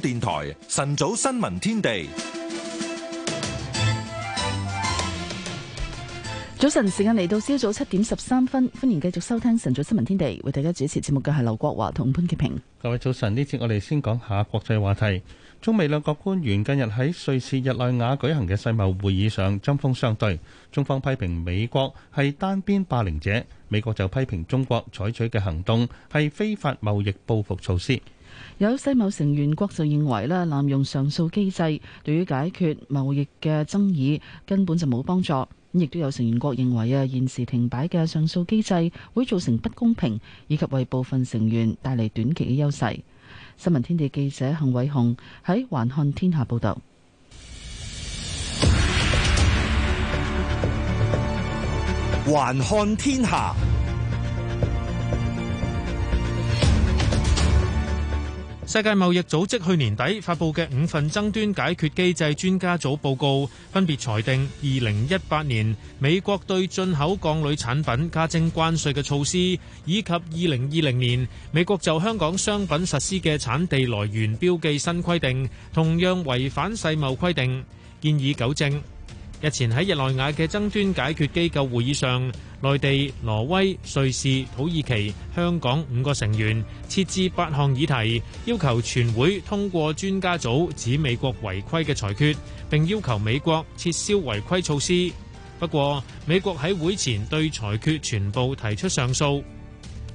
電台晨早新聞天地，
早晨時間嚟到，朝早七點十三分，歡迎繼續收聽晨早新聞天地，為大家主持節目嘅係劉國華同潘潔
平。各位早晨，呢次我哋先講下國際話題。中美兩國官員近日喺瑞士日內瓦舉行嘅世貿會議上針鋒相對，中方批評美國係單邊霸凌者，美國就批評中國採取嘅行動係非法貿易報復措施。
有世貿成員國就認為咧，濫用上訴機制對於解決貿易嘅爭議根本就冇幫助。咁亦都有成員國認為啊，現時停擺嘅上訴機制會造成不公平，以及為部分成員帶嚟短期嘅優勢。新聞天地記者幸偉雄喺《還看天下》報道，
《還看天下》。
世界貿易組織去年底發布嘅五份爭端解決機制專家組報告，分別裁定二零一八年美國對進口鋼鋁產品加徵關稅嘅措施，以及二零二零年美國就香港商品實施嘅產地來源標記新規定，同樣違反世貿規定，建議糾正。日前喺日內瓦嘅爭端解決機構會議上，內地、挪威、瑞士、土耳其、香港五個成員設置八項議題，要求全會通過專家組指美國違規嘅裁決，並要求美國撤銷違規措施。不過，美國喺會前對裁決全部提出上訴。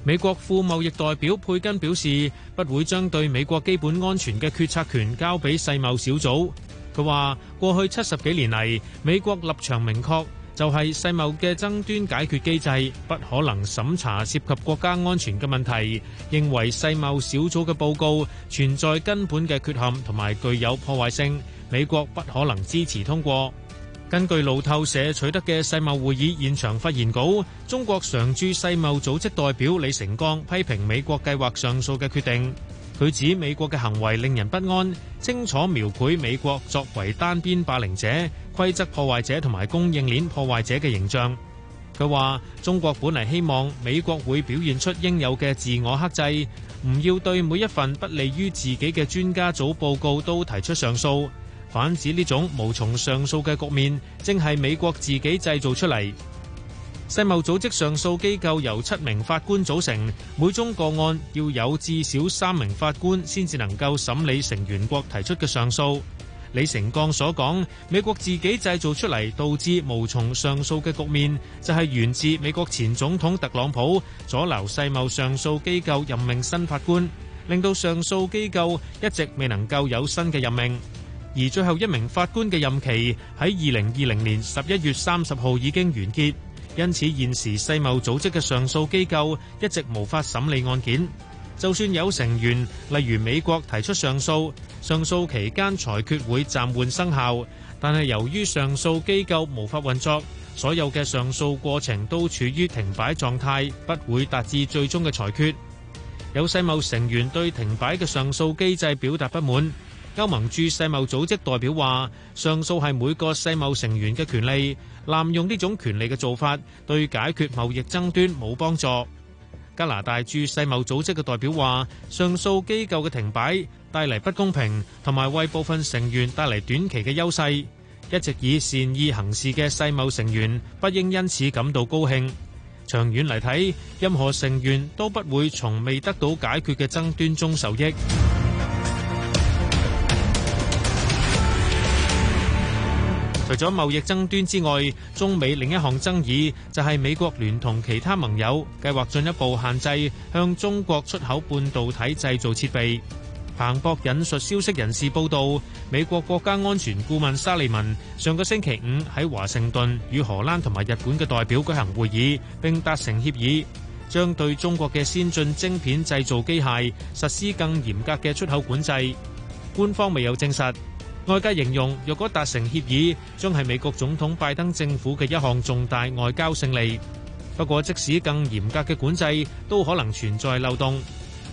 美國副貿易代表佩根表示，不會將對美國基本安全嘅決策權交俾世貿小組。佢話：過去七十幾年嚟，美國立場明確，就係世貿嘅爭端解決機制不可能審查涉及國家安全嘅問題，認為世貿小組嘅報告存在根本嘅缺陷同埋具有破壞性，美國不可能支持通過。根據路透社取得嘅世貿會議現場發言稿，中國常駐世貿組織代表李成鋼批評美國計劃上訴嘅決定。佢指美國嘅行為令人不安，清楚描繪美國作為單邊霸凌者、規則破壞者同埋供應鏈破壞者嘅形象。佢話，中國本嚟希望美國會表現出應有嘅自我克制，唔要對每一份不利於自己嘅專家組報告都提出上訴，反指呢種無從上訴嘅局面正係美國自己製造出嚟。世貿組織上訴機構由七名法官組成，每宗個案要有至少三名法官先至能夠審理成員國提出嘅上訴。李成鋼所講，美國自己製造出嚟導致無從上訴嘅局面，就係、是、源自美國前總統特朗普阻撓世貿上訴機構任命新法官，令到上訴機構一直未能夠有新嘅任命。而最後一名法官嘅任期喺二零二零年十一月三十號已經完結。因此，現時世貿組織嘅上訴機構一直無法審理案件。就算有成員例如美國提出上訴，上訴期間裁決會暫緩生效，但係由於上訴機構無法運作，所有嘅上訴過程都處於停擺狀態，不會達至最終嘅裁決。有世貿成員對停擺嘅上訴機制表達不滿。歐盟駐世貿組織代表話：上訴係每個世貿成員嘅權利。濫用呢種權利嘅做法，對解決貿易爭端冇幫助。加拿大駐世貿組織嘅代表話：上訴機構嘅停擺帶嚟，不公平，同埋為部分成員帶嚟短期嘅優勢。一直以善意行事嘅世貿成員不應因此感到高興。長遠嚟睇，任何成員都不會從未得到解決嘅爭端中受益。除咗貿易爭端之外，中美另一項爭議就係美國聯同其他盟友計劃進一步限制向中國出口半導體製造設備。彭博引述消息人士報導，美國國家安全顧問沙利文上個星期五喺華盛頓與荷蘭同埋日本嘅代表舉行會議，並達成協議，將對中國嘅先進晶片製造機械實施更嚴格嘅出口管制。官方未有證實。外界形容若，若果達成協議，將係美國總統拜登政府嘅一項重大外交勝利。不過即使更嚴格嘅管制，都可能存在漏洞。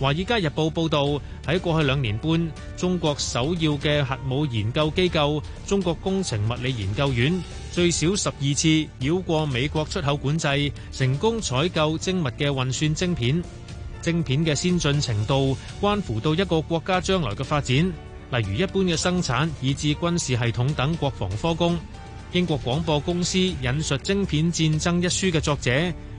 《華爾街日報》報道，喺過去兩年半，中國首要嘅核武研究機構中國工程物理研究院，最少十二次繞過美國出口管制，成功採購精密嘅運算晶片。晶片嘅先進程度，關乎到一個國家將來嘅發展。例如一般嘅生產以至軍事系統等國防科工，英國廣播公司引述《晶片戰爭》一書嘅作者、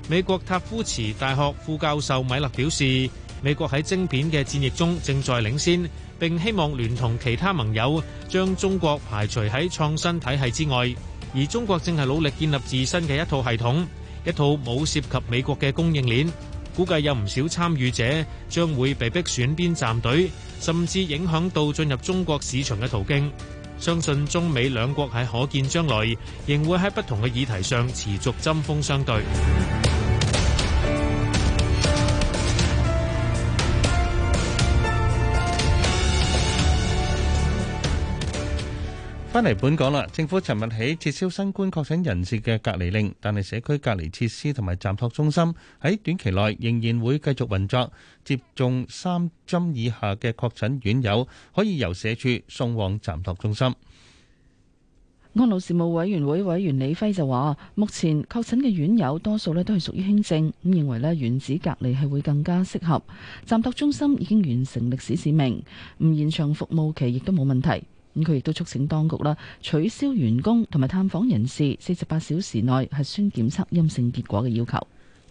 美國塔夫茨大學副教授米勒表示，美國喺晶片嘅戰役中正在領先，並希望聯同其他盟友將中國排除喺創新體系之外，而中國正係努力建立自身嘅一套系統，一套冇涉及美國嘅供應鏈。估計有唔少參與者將會被逼選邊站隊，甚至影響到進入中國市場嘅途徑，相信中美兩國喺可見將來仍會喺不同嘅議題上持續針鋒相對。
翻嚟本港啦，政府尋日起撤銷新冠確診人士嘅隔離令，但係社區隔離設施同埋暫托中心喺短期內仍然會繼續運作。接種三針以下嘅確診院友可以由社署送往暫托中心。
安老事務委員會委員李輝就話，目前確診嘅院友多數咧都係屬於輕症，咁認為咧原址隔離係會更加適合。暫托中心已經完成歷史使命，唔延長服務期亦都冇問題。咁佢亦都促請當局啦，取消員工同埋探訪人士四十八小時內核酸檢測陰性結果嘅
要求。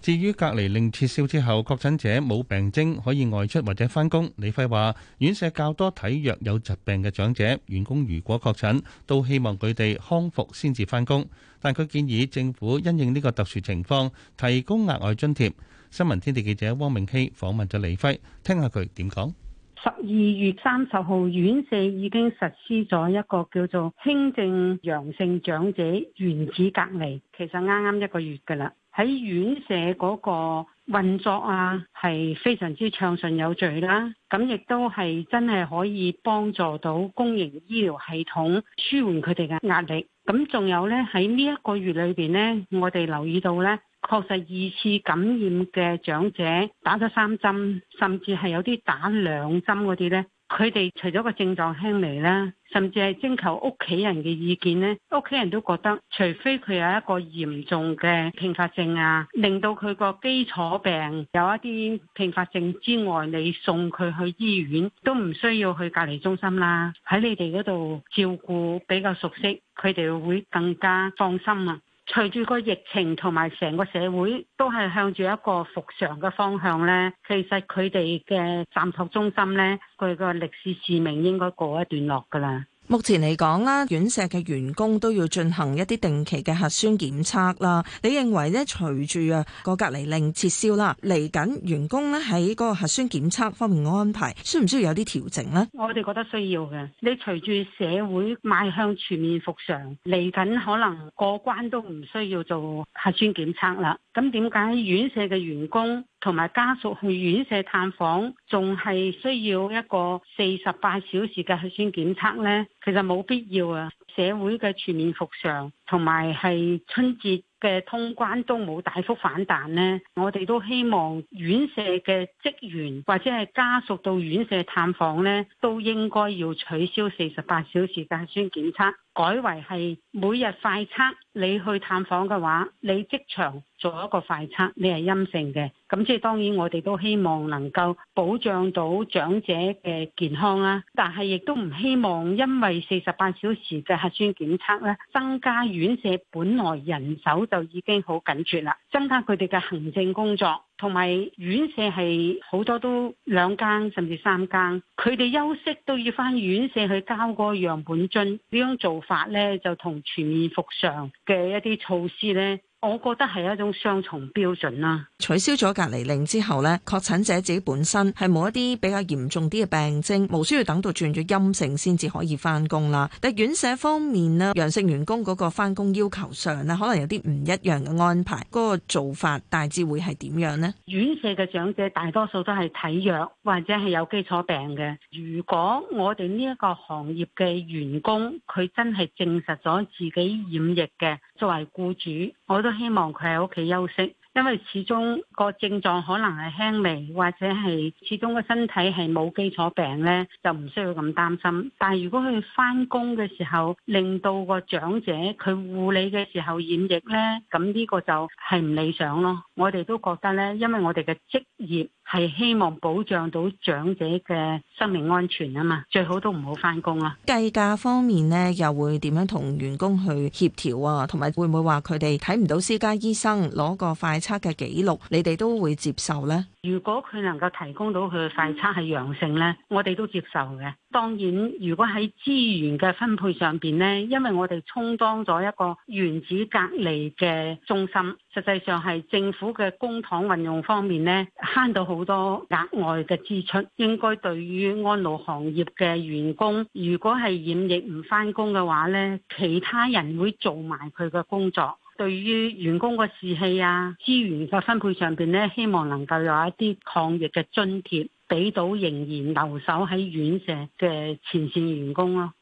至於隔離令撤銷之後，確診者冇病徵可以外出或者返工。李輝話：院舍較多體弱有疾病嘅長者，員工如果確診，都希望佢哋康復先至返工。但佢建議政府因應呢個特殊情況，提供額外津貼。新聞天地記者汪明熙訪問咗李輝，聽下佢點講。
十二月三十號，院舍已經實施咗一個叫做輕症陽性長者原址隔離，其實啱啱一個月嘅啦。喺院舍嗰個運作啊，係非常之暢順有序啦。咁亦都係真係可以幫助到公營醫療系統舒緩佢哋嘅壓力。咁仲有呢，喺呢一個月裏邊呢，我哋留意到呢。確實二次感染嘅長者打咗三針，甚至係有啲打兩針嗰啲呢，佢哋除咗個症狀輕微啦，甚至係徵求屋企人嘅意見呢，屋企人都覺得，除非佢有一個嚴重嘅併發症啊，令到佢個基礎病有一啲併發症之外，你送佢去醫院都唔需要去隔離中心啦，喺你哋嗰度照顧比較熟悉，佢哋會更加放心啊！隨住個疫情同埋成個社會都係向住一個復常嘅方向呢，其實佢哋嘅暫託中心呢，佢個歷史使命應該過一段落㗎啦。
目前嚟講咧，院舍嘅員工都要進行一啲定期嘅核酸檢測啦。你認為咧，隨住啊個隔離令撤銷啦，嚟緊員工咧喺嗰個核酸檢測方面安排，需唔需要有啲調整咧？
我哋覺得需要嘅。你隨住社會邁向全面復常，嚟緊可能過關都唔需要做核酸檢測啦。咁點解院舍嘅員工？同埋家屬去院舍探訪，仲係需要一個四十八小時嘅核酸檢測咧，其實冇必要啊。社會嘅全面復常，同埋係春節嘅通關都冇大幅反彈咧，我哋都希望院舍嘅職員或者係家屬到院舍探訪咧，都應該要取消四十八小時嘅核酸檢測，改為係每日快測，你去探訪嘅話，你即場做一個快測，你係陰性嘅，咁即係當然我哋都希望能夠保障到長者嘅健康啦。但係亦都唔希望因為四十八小時嘅核酸檢測咧，增加院舍本來人手就已經好緊缺啦，增加佢哋嘅行政工作，同埋院舍係好多都兩間甚至三間，佢哋休息都要返院舍去交嗰個樣本樽，呢種做法咧就同全面復常嘅一啲措施咧。我覺得係一種雙重標準啦、
啊。取消咗隔離令之後咧，確診者自己本身係冇一啲比較嚴重啲嘅病徵，無需要等到轉咗陰性先至可以翻工啦。但院社院舍方面呢，養成陽性員工嗰個翻工要求上呢，可能有啲唔一樣嘅安排，嗰、那個做法大致會係點樣呢？
院舍嘅長者大多數都係體弱或者係有基礎病嘅。如果我哋呢一個行業嘅員工佢真係證實咗自己染疫嘅，作為僱主。我都希望佢喺屋企休息，因為始終個症狀可能係輕微，或者係始終個身體係冇基礎病咧，就唔需要咁擔心。但係如果佢翻工嘅時候，令到個長者佢護理嘅時候染疫咧，咁呢個就係唔理想咯。我哋都覺得咧，因為我哋嘅職業。係希望保障到長者嘅生命安全啊嘛，最好都唔好翻工啦。
計價方面呢，又會點樣同員工去協調啊？同埋會唔會話佢哋睇唔到私家醫生攞個快測嘅記錄，你哋都會接受呢？
如果佢能夠提供到佢嘅快測係陽性呢，我哋都接受嘅。當然，如果喺資源嘅分配上邊呢，因為我哋充當咗一個原子隔離嘅中心。實際上係政府嘅公帑運用方面呢，慳到好多額外嘅支出。應該對於安老行業嘅員工，如果係染疫唔翻工嘅話呢，其他人會做埋佢嘅工作。對於員工嘅士氣啊、資源嘅分配上邊呢，希望能夠有一啲抗疫嘅津貼，俾到仍然留守喺院舍嘅前線員工咯。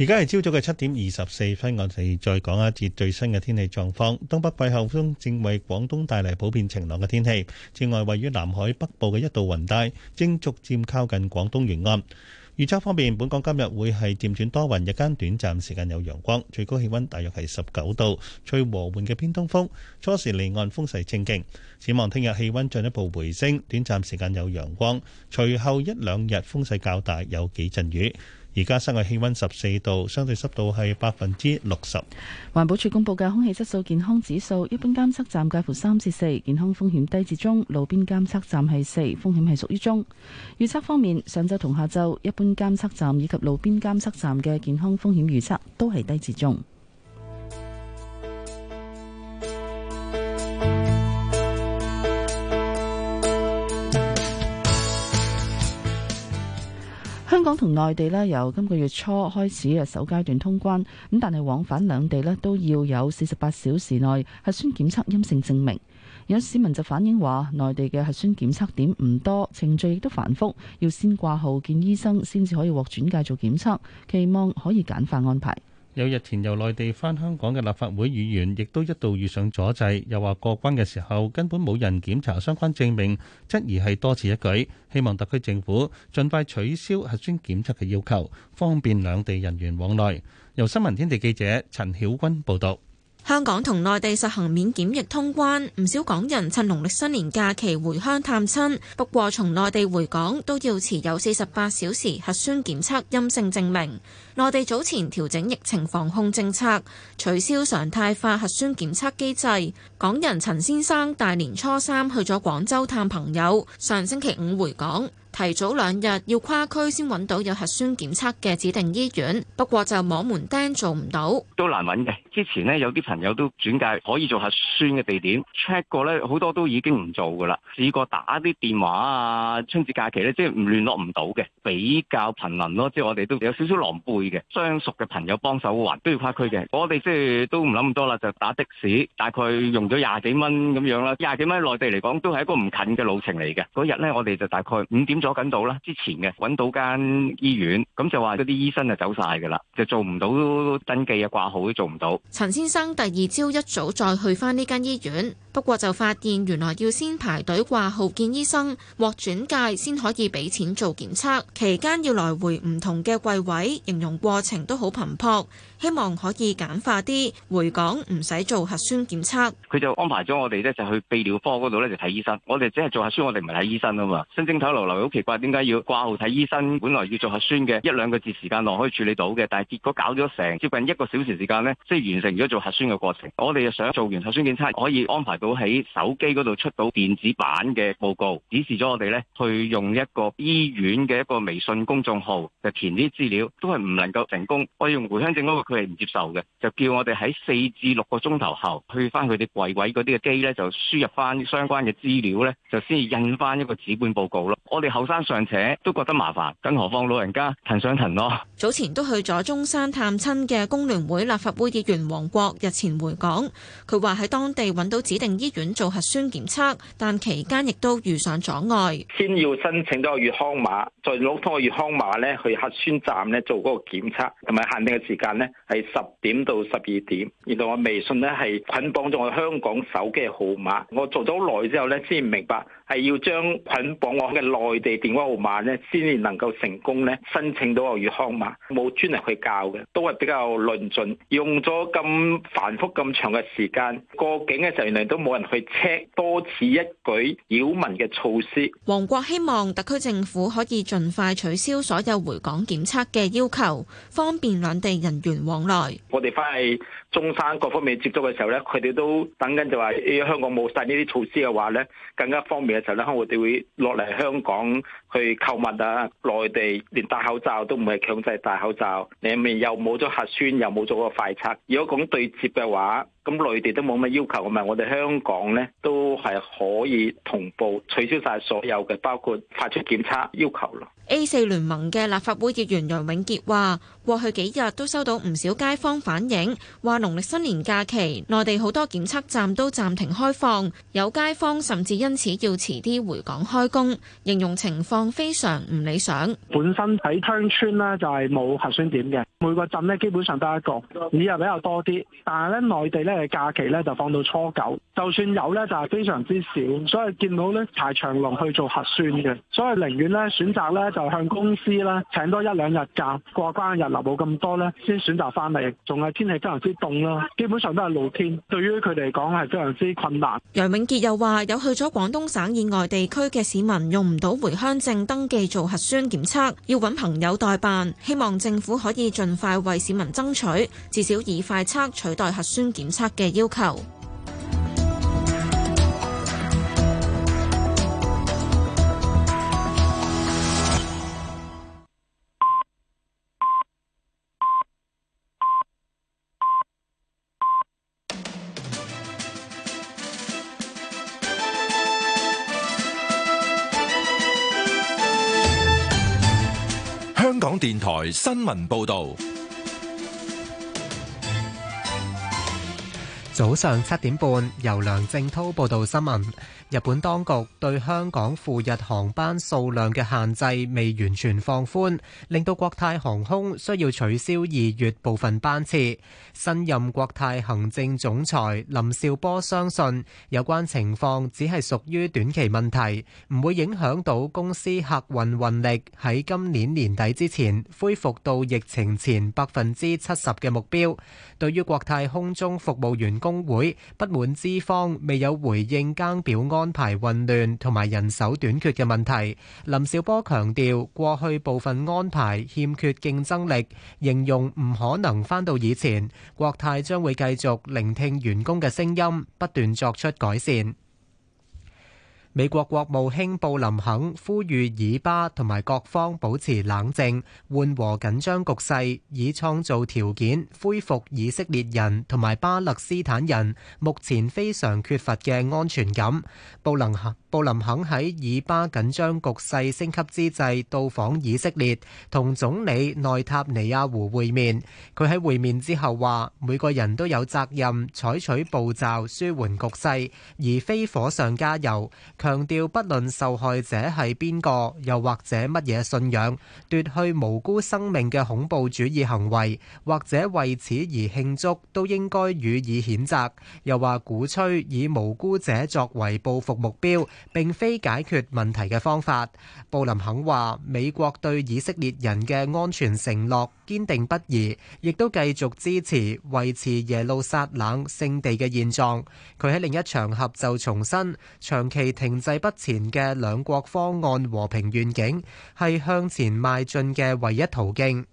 而家係朝早嘅七點二十四分，我哋再講一節最新嘅天氣狀況。東北季候風正為廣東帶嚟普遍晴朗嘅天氣，此外位於南海北部嘅一道雲帶正逐漸靠近廣東沿岸。預測方面，本港今日會係漸轉多雲，日間短暫時間有陽光，最高氣温大約係十九度，吹和緩嘅偏東風，初時離岸風勢正勁。展望聽日氣温進一步回升，短暫時間有陽光，隨後一兩日風勢較大，有幾陣雨。而家室外氣温十四度，相對濕度係百分之六十。
環保署公布嘅空氣質素健康指數，一般監測站介乎三至四，健康風險低至中；路邊監測站係四，風險係屬於中。預測方面，上晝同下晝一般監測站以及路邊監測站嘅健康風險預測都係低至中。香港同內地呢，由今個月初開始啊，首階段通關咁，但係往返兩地呢都要有四十八小時內核酸檢測陰性證明。有市民就反映話，內地嘅核酸檢測點唔多，程序亦都繁複，要先掛號見醫生先至可以獲轉介做檢測，期望可以簡化安排。
有日前由內地返香港嘅立法會議員，亦都一度遇上阻滯，又話過關嘅時候根本冇人檢查相關證明，質疑係多此一舉，希望特區政府盡快取消核酸檢測嘅要求，方便兩地人員往來。由新聞天地記者陳曉君報道。
香港同內地實行免檢疫通關，唔少港人趁農曆新年假期回鄉探親。不過，從內地回港都要持有四十八小時核酸檢測陰性證明。內地早前調整疫情防控政策，取消常態化核酸檢測機制。港人陳先生大年初三去咗廣州探朋友，上星期五回港。提早兩日要跨區先揾到有核酸檢測嘅指定醫院，不過就網門單做唔到，
都難揾嘅。之前呢，有啲朋友都轉介可以做核酸嘅地點，check 過呢，好多都已經唔做㗎喇。試過打啲電話啊，春節假期呢，即係唔聯絡唔到嘅，比較頻臨咯。即係我哋都有少少狼狽嘅，相熟嘅朋友幫手還都要跨區嘅。我哋即係都唔諗咁多啦，就打的士，大概用咗廿幾蚊咁樣啦，廿幾蚊內地嚟講都係一個唔近嘅路程嚟嘅。嗰日呢，我哋就大概五點左。攞緊到啦！之前嘅揾到間醫院，咁就話嗰啲醫生就走晒㗎喇，就做唔到登記啊、掛號都做唔到。
陳先生第二朝一早再去返呢間醫院，不過就發現原來要先排隊掛號見醫生，獲轉介先可以俾錢做檢測，期間要來回唔同嘅櫃位，形容過程都好頻撲。希望可以簡化啲，回港唔使做核酸檢測，
佢就安排咗我哋咧，就去泌尿科嗰度咧就睇醫生。我哋只係做核酸，我哋唔係睇醫生啊嘛。新政策落嚟好奇怪，點解要掛號睇醫生？本來要做核酸嘅，一兩個字時間內可以處理到嘅，但係結果搞咗成接近一個小時時間咧，即係完成咗做核酸嘅過程。我哋就想做完核酸檢測可以安排到喺手機嗰度出到電子版嘅報告，指示咗我哋咧去用一個醫院嘅一個微信公眾號就填啲資料，都係唔能夠成功。我用回鄉證嗰個，佢係唔接受嘅，就叫我哋喺四至六個鐘頭後去翻佢哋櫃位嗰啲嘅機咧，就輸入翻相關嘅資料咧，就先至印翻一個紙本報告咯。我哋後生尚且都覺得麻煩，更何況老人家騰上騰咯。
早前都去咗中山探親嘅工聯會立法會議員黃國日前回港，佢話喺當地揾到指定醫院做核酸檢測，但期間亦都遇上阻礙，
先要申請咗個粵康碼，再攞通個粵康碼咧去核酸站咧做嗰個檢測，同埋限定嘅時間咧。係十點到十二點，原來我微信咧係捆綁咗我香港手機號碼，我做咗好耐之後咧先明白。係要將捆綁我嘅內地電話號碼咧，先至能夠成功咧申請到個粵康碼。冇專人去教嘅，都係比較論盡，用咗咁繁複咁長嘅時間過境嘅時候，原來都冇人去 check，多此一舉擾民嘅措施。
王國希望特區政府可以盡快取消所有回港檢測嘅要求，方便兩地人員往來。
我哋翻去。中山各方面接觸嘅時候咧，佢哋都等緊就話：「如果香港冇晒呢啲措施嘅話咧，更加方便嘅時候咧，可能我哋會落嚟香港。」去購物啊！內地連戴口罩都唔係強制戴口罩，裡面又冇咗核酸，又冇咗個快測。如果講對接嘅話，咁內地都冇乜要求，咪我哋香港呢，都係可以同步取消晒所有嘅，包括發出檢測要求咯。
A 四聯盟嘅立法會議員楊永傑話：過去幾日都收到唔少街坊反映，話農曆新年假期內地好多檢測站都暫停開放，有街坊甚至因此要遲啲回港開工，形容情況非常唔理想。
本身喺鄉村咧就係冇核酸點嘅，每個鎮咧基本上都係一個，你又比較多啲。但係咧內地咧假期咧就放到初九，就算有咧就係非常之少，所以見到咧排長龍去做核酸嘅，所以寧願咧選擇咧就向公司咧請多一兩日假，過關日流冇咁多咧，先選擇翻嚟。仲係天氣非常之凍啦，基本上都係露天，對於佢哋講係非常之困難。
楊永傑又話：有去咗廣東省以外地區嘅市民用唔到回鄉。正登記做核酸檢測，要揾朋友代辦，希望政府可以盡快為市民爭取，至少以快測取代核酸檢測嘅要求。
港電台新聞報道。
早上七點半，由梁正濤報道新聞。日本當局對香港赴日航班數量嘅限制未完全放寬，令到國泰航空需要取消二月部分班次。新任國泰行政總裁林紹波相信，有關情況只係屬於短期問題，唔會影響到公司客運運力喺今年年底之前恢復到疫情前百分之七十嘅目標。對於國泰空中服務員工會不滿資方未有回應，更表安排混亂同埋人手短缺嘅問題，林紹波強調過去部分安排欠缺競爭力，形容唔可能返到以前，國泰將會繼續聆聽員工嘅聲音，不斷作出改善。美國國務卿布林肯呼籲以巴同埋各方保持冷靜，緩和緊張局勢，以創造條件恢復以色列人同埋巴勒斯坦人目前非常缺乏嘅安全感。布林肯，布林肯喺以巴緊張局勢升級之際到訪以色列，同總理內塔尼亞胡會面。佢喺會面之後話，每個人都有責任，採取步驟，舒緩局勢，而非火上加油。強調不論受害者係邊個，又或者乜嘢信仰，奪去無辜生命嘅恐怖主義行為，或者為此而慶祝，都應該予以譴責。又話鼓吹以無辜者作為報復目標，並非解決問題嘅方法。布林肯話：美國對以色列人嘅安全承諾堅定不移，亦都繼續支持維持耶路撒冷聖地嘅現狀。佢喺另一場合就重申，長期停停滯不前嘅兩國方案和平願景，係向前邁進嘅唯一途徑。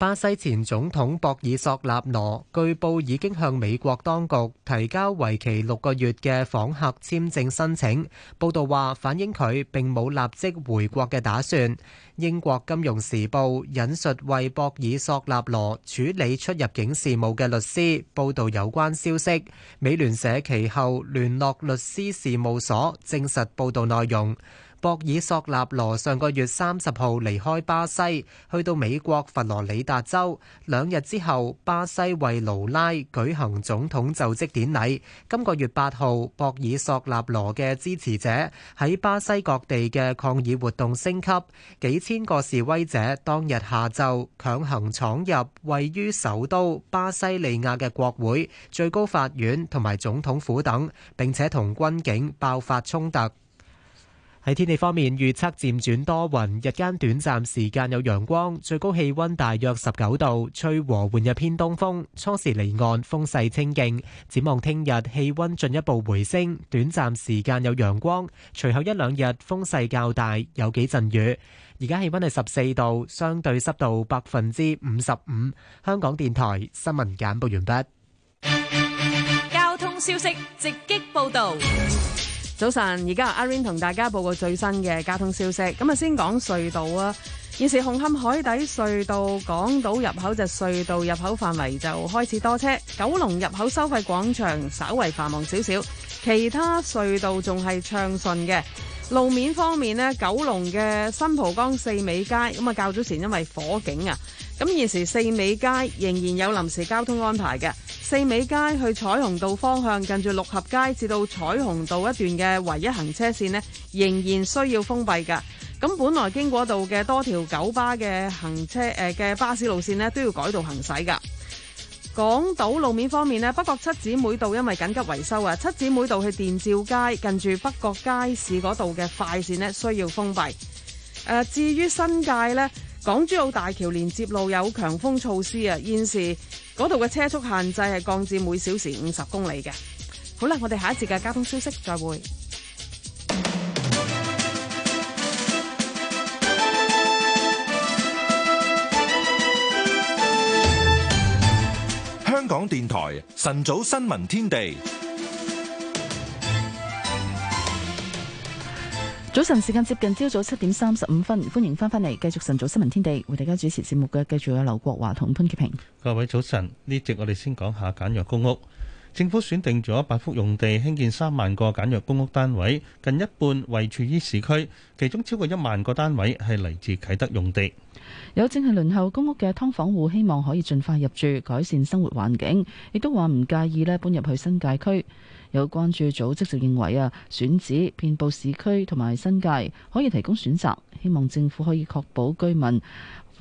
巴西前總統博爾索納羅據報已經向美國當局提交為期六個月嘅訪客簽證申請。報道話反映佢並冇立即回國嘅打算。英國金融時報引述為博爾索納羅處理出入境事務嘅律師報導有關消息。美聯社其後聯絡律師事務所，證實報道內容。博爾索納羅上個月三十號離開巴西，去到美國佛羅里達州，兩日之後，巴西為盧拉舉行總統就職典禮。今個月八號，博爾索納羅嘅支持者喺巴西各地嘅抗議活動升級，幾千個示威者當日下晝強行闖入位於首都巴西利亞嘅國會、最高法院同埋總統府等，並且同軍警爆發衝突。喺天氣方面，預測漸轉多雲，日間短暫時間有陽光，最高氣溫大約十九度，吹和緩日偏東風。初時離岸風勢清勁，展望聽日氣溫進一步回升，短暫時間有陽光，隨後一兩日風勢較大，有幾陣雨。而家氣溫係十四度，相對濕度百分之五十五。香港電台新聞簡報完畢。
交通消息直擊報道。
早晨，而家由阿 rain 同大家報告最新嘅交通消息。咁啊，先講隧道啊。現時紅磡海底隧道港島入口就隧道入口範圍就開始多車，九龍入口收費廣場稍為繁忙少少，其他隧道仲係暢順嘅。路面方面咧，九龍嘅新蒲崗四美街咁啊，較早前因為火警啊，咁現時四美街仍然有臨時交通安排嘅。四美街去彩虹道方向近住六合街至到彩虹道一段嘅唯一行車線呢，仍然需要封閉噶。咁本來經過度嘅多條九巴嘅行車誒嘅、呃、巴士路線咧都要改道行駛噶。港島路面方面咧，北角七姊妹道因為緊急維修啊，七姊妹道去電照街近住北角街市嗰度嘅快線咧，需要封閉。誒、呃，至於新界咧，港珠澳大橋連接路有強風措施啊，現時嗰度嘅車速限制係降至每小時五十公里嘅。好啦，我哋下一節嘅交通消息再會。
香港電台晨早新聞天地，早晨
時間接近朝早七點三十五分，歡迎返返嚟繼續晨早新聞天地，為大家主持節目嘅，繼續有劉國華同潘潔平。
各位早晨，呢節我哋先講下簡約公屋。政府選定咗八幅用地興建三萬個簡約公屋單位，近一半位處於市區，其中超過一萬個單位係嚟自啟德用地。
有正係輪候公屋嘅劏房戶希望可以盡快入住，改善生活環境，亦都話唔介意咧搬入去新界區。有關注組織就認為啊，選址遍布市區同埋新界，可以提供選擇，希望政府可以確保居民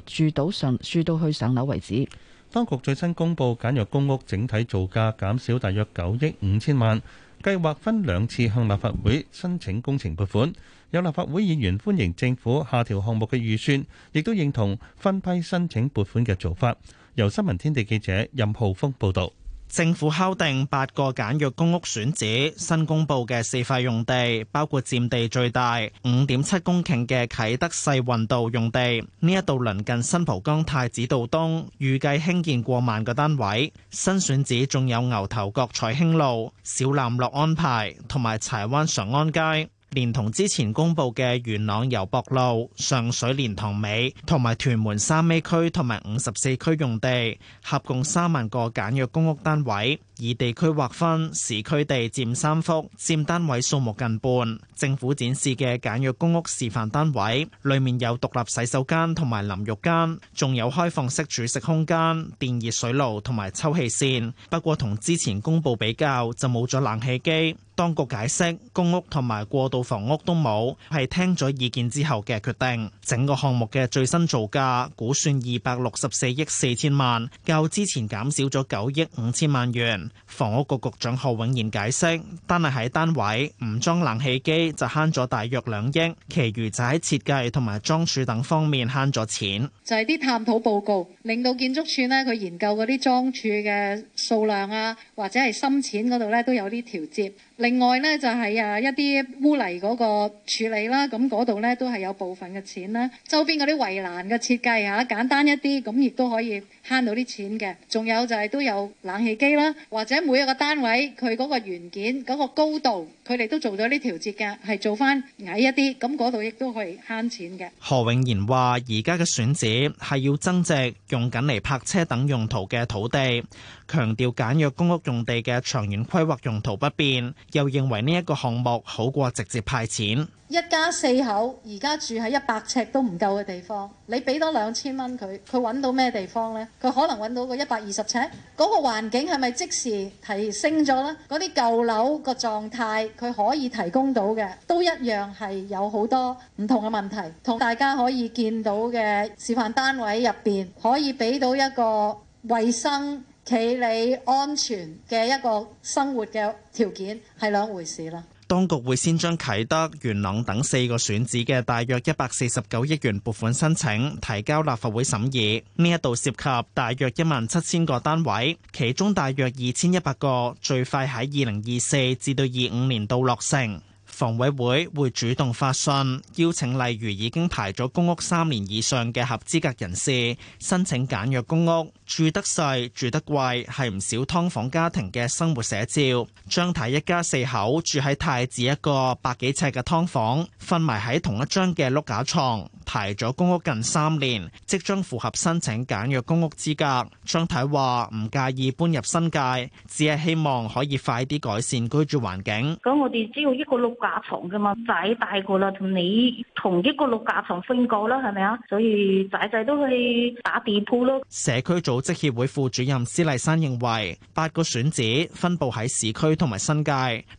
住到上住到
去上樓為止。當局最新公布簡約公屋整體造價減少大約九億五千萬，計劃分兩次向立法會申請工程撥款。有立法會議員歡迎政府下調項目嘅預算，亦都認同分批申請撥款嘅做法。由新聞天地記者任浩峰報導。政府敲定八個
簡約公屋選址，新公布嘅四塊用地包括佔地最大五點七公頃嘅啟德世運道用地，呢一度鄰近新蒲崗太子道東，預計興建過萬個單位。新選址仲有牛頭角彩興路、小欖樂安排同埋柴灣常安街。連同之前公布嘅元朗油博路、上水蓮塘尾同埋屯門 3A 區同埋五十四區用地，合共三萬個簡約公屋單位。以地區劃分，市區地占三幅，占單位數目近半。政府展示嘅簡約公屋示範單位，裏面有獨立洗手間同埋淋浴間，仲有開放式煮食空間、電熱水爐同埋抽氣扇。不過同之前公布比較就冇咗冷氣機。當局解釋，公屋同埋過渡房屋都冇，係聽咗意見之後嘅決定。整個項目嘅最新造價估算二百六十四億四千萬，較之前減少咗九億五千萬元。房屋局局長何永賢解釋，單係喺單位唔裝冷氣機就慳咗大約兩億，其餘就喺設計同埋裝樁等方面慳咗錢。
就係啲探討報告令到建築署呢，佢研究嗰啲裝樁嘅數量啊，或者係深淺嗰度咧都有啲調節。另外呢，就係、是、啊一啲污泥嗰個處理啦，咁嗰度呢，都係有部分嘅錢啦。周邊嗰啲圍欄嘅設計吓簡單一啲，咁亦都可以。慳到啲錢嘅，仲有就係都有冷氣機啦，或者每一個單位佢嗰個元件嗰個高度。佢哋都做咗啲調節嘅，係做翻矮一啲，咁嗰度亦都可以慳錢嘅。
何永賢話：而家嘅選址係要增值，用緊嚟泊車等用途嘅土地，強調簡約公屋用地嘅長遠規劃用途不變。又認為呢一個項目好過直接派錢。
一家四口而家住喺一百尺都唔夠嘅地方，你俾多兩千蚊佢，佢揾到咩地方呢？佢可能揾到個一百二十尺，嗰個環境係咪即時提升咗呢？嗰啲舊樓個狀態？佢可以提供到嘅，都一樣，係有好多唔同嘅問題，同大家可以見到嘅示範單位入邊可以俾到一個衛生、企理、安全嘅一個生活嘅條件，係兩回事啦。
當局會先將啟德、元朗等四個選址嘅大約一百四十九億元撥款申請，提交立法會審議。呢一度涉及大約一萬七千個單位，其中大約二千一百個最快喺二零二四至到二五年度落成。房委會會主動發信邀請，例如已經排咗公屋三年以上嘅合資格人士申請簡約公屋。住得細、住得貴係唔少㓥房家庭嘅生活寫照。張太一家四口住喺太子一個百幾尺嘅劏房，瞓埋喺同一張嘅碌架床，排咗公屋近三年，即將符合申請簡約公屋資格。張太話唔介意搬入新界，只係希望可以快啲改善居住環境。
咁我哋只要一個碌架。架床嘅嘛，仔大個啦，同你同一個六架床瞓過啦，係咪啊？所以仔仔都去打地鋪咯。
社區組織協會副主任施麗珊認為，八個選址分布喺市區同埋新界，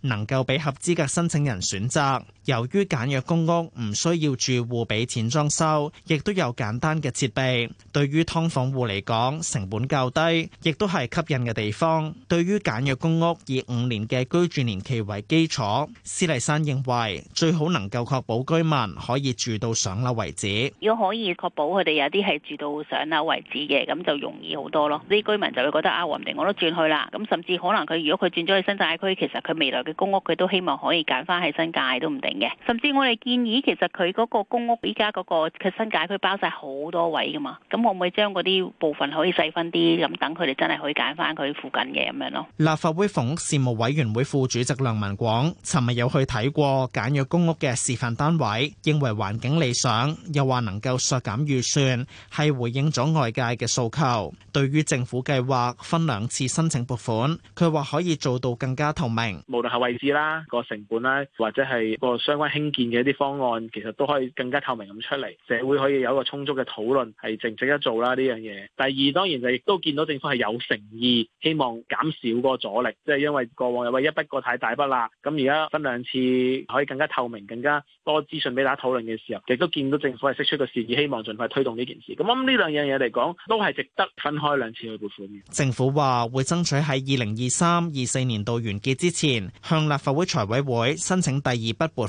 能夠俾合資格申請人選擇。由於簡約公屋唔需要住戶俾錢裝修，亦都有簡單嘅設備，對於劏房戶嚟講，成本較低，亦都係吸引嘅地方。對於簡約公屋以五年嘅居住年期為基礎，施麗珊認為最好能夠確保居民可以住到上樓為止。
如果可以確保佢哋有啲係住到上樓為止嘅，咁就容易好多咯，啲居民就會覺得啊，我唔定我都轉去啦，咁甚至可能佢如果佢轉咗去新界區，其實佢未來嘅公屋佢都希望可以揀返喺新界都唔定嘅，甚至我哋建議，其實佢嗰個公屋依家嗰個佢新界區包曬好多位噶嘛，咁可唔可以將嗰啲部分可以細分啲咁，等佢哋真係可以揀翻佢附近嘅咁樣咯。
立法會房屋事務委員會副主席梁文廣尋日有去睇過簡約公屋嘅示範單位，認為環境理想，又話能夠削減預算，係回應咗外界嘅訴求。對於政府計劃分兩次申請撥款，佢話可以做到更加透明。
無論係位置啦，個成本啦，或者係個。相關興建嘅一啲方案，其實都可以更加透明咁出嚟，社會可以有一個充足嘅討論，係正值得做啦呢樣嘢。第二，當然就亦都見到政府係有誠意，希望減少嗰個阻力，即係因為過往有話一筆過太大筆啦，咁而家分兩次可以更加透明、更加多資訊俾大家討論嘅時候，亦都見到政府係釋出個善意，希望盡快推動呢件事。咁我諗呢兩樣嘢嚟講，都係值得分開兩次去撥款。
政府話會爭取喺二零二三、二四年度完結之前，向立法會財委會申請第二筆撥。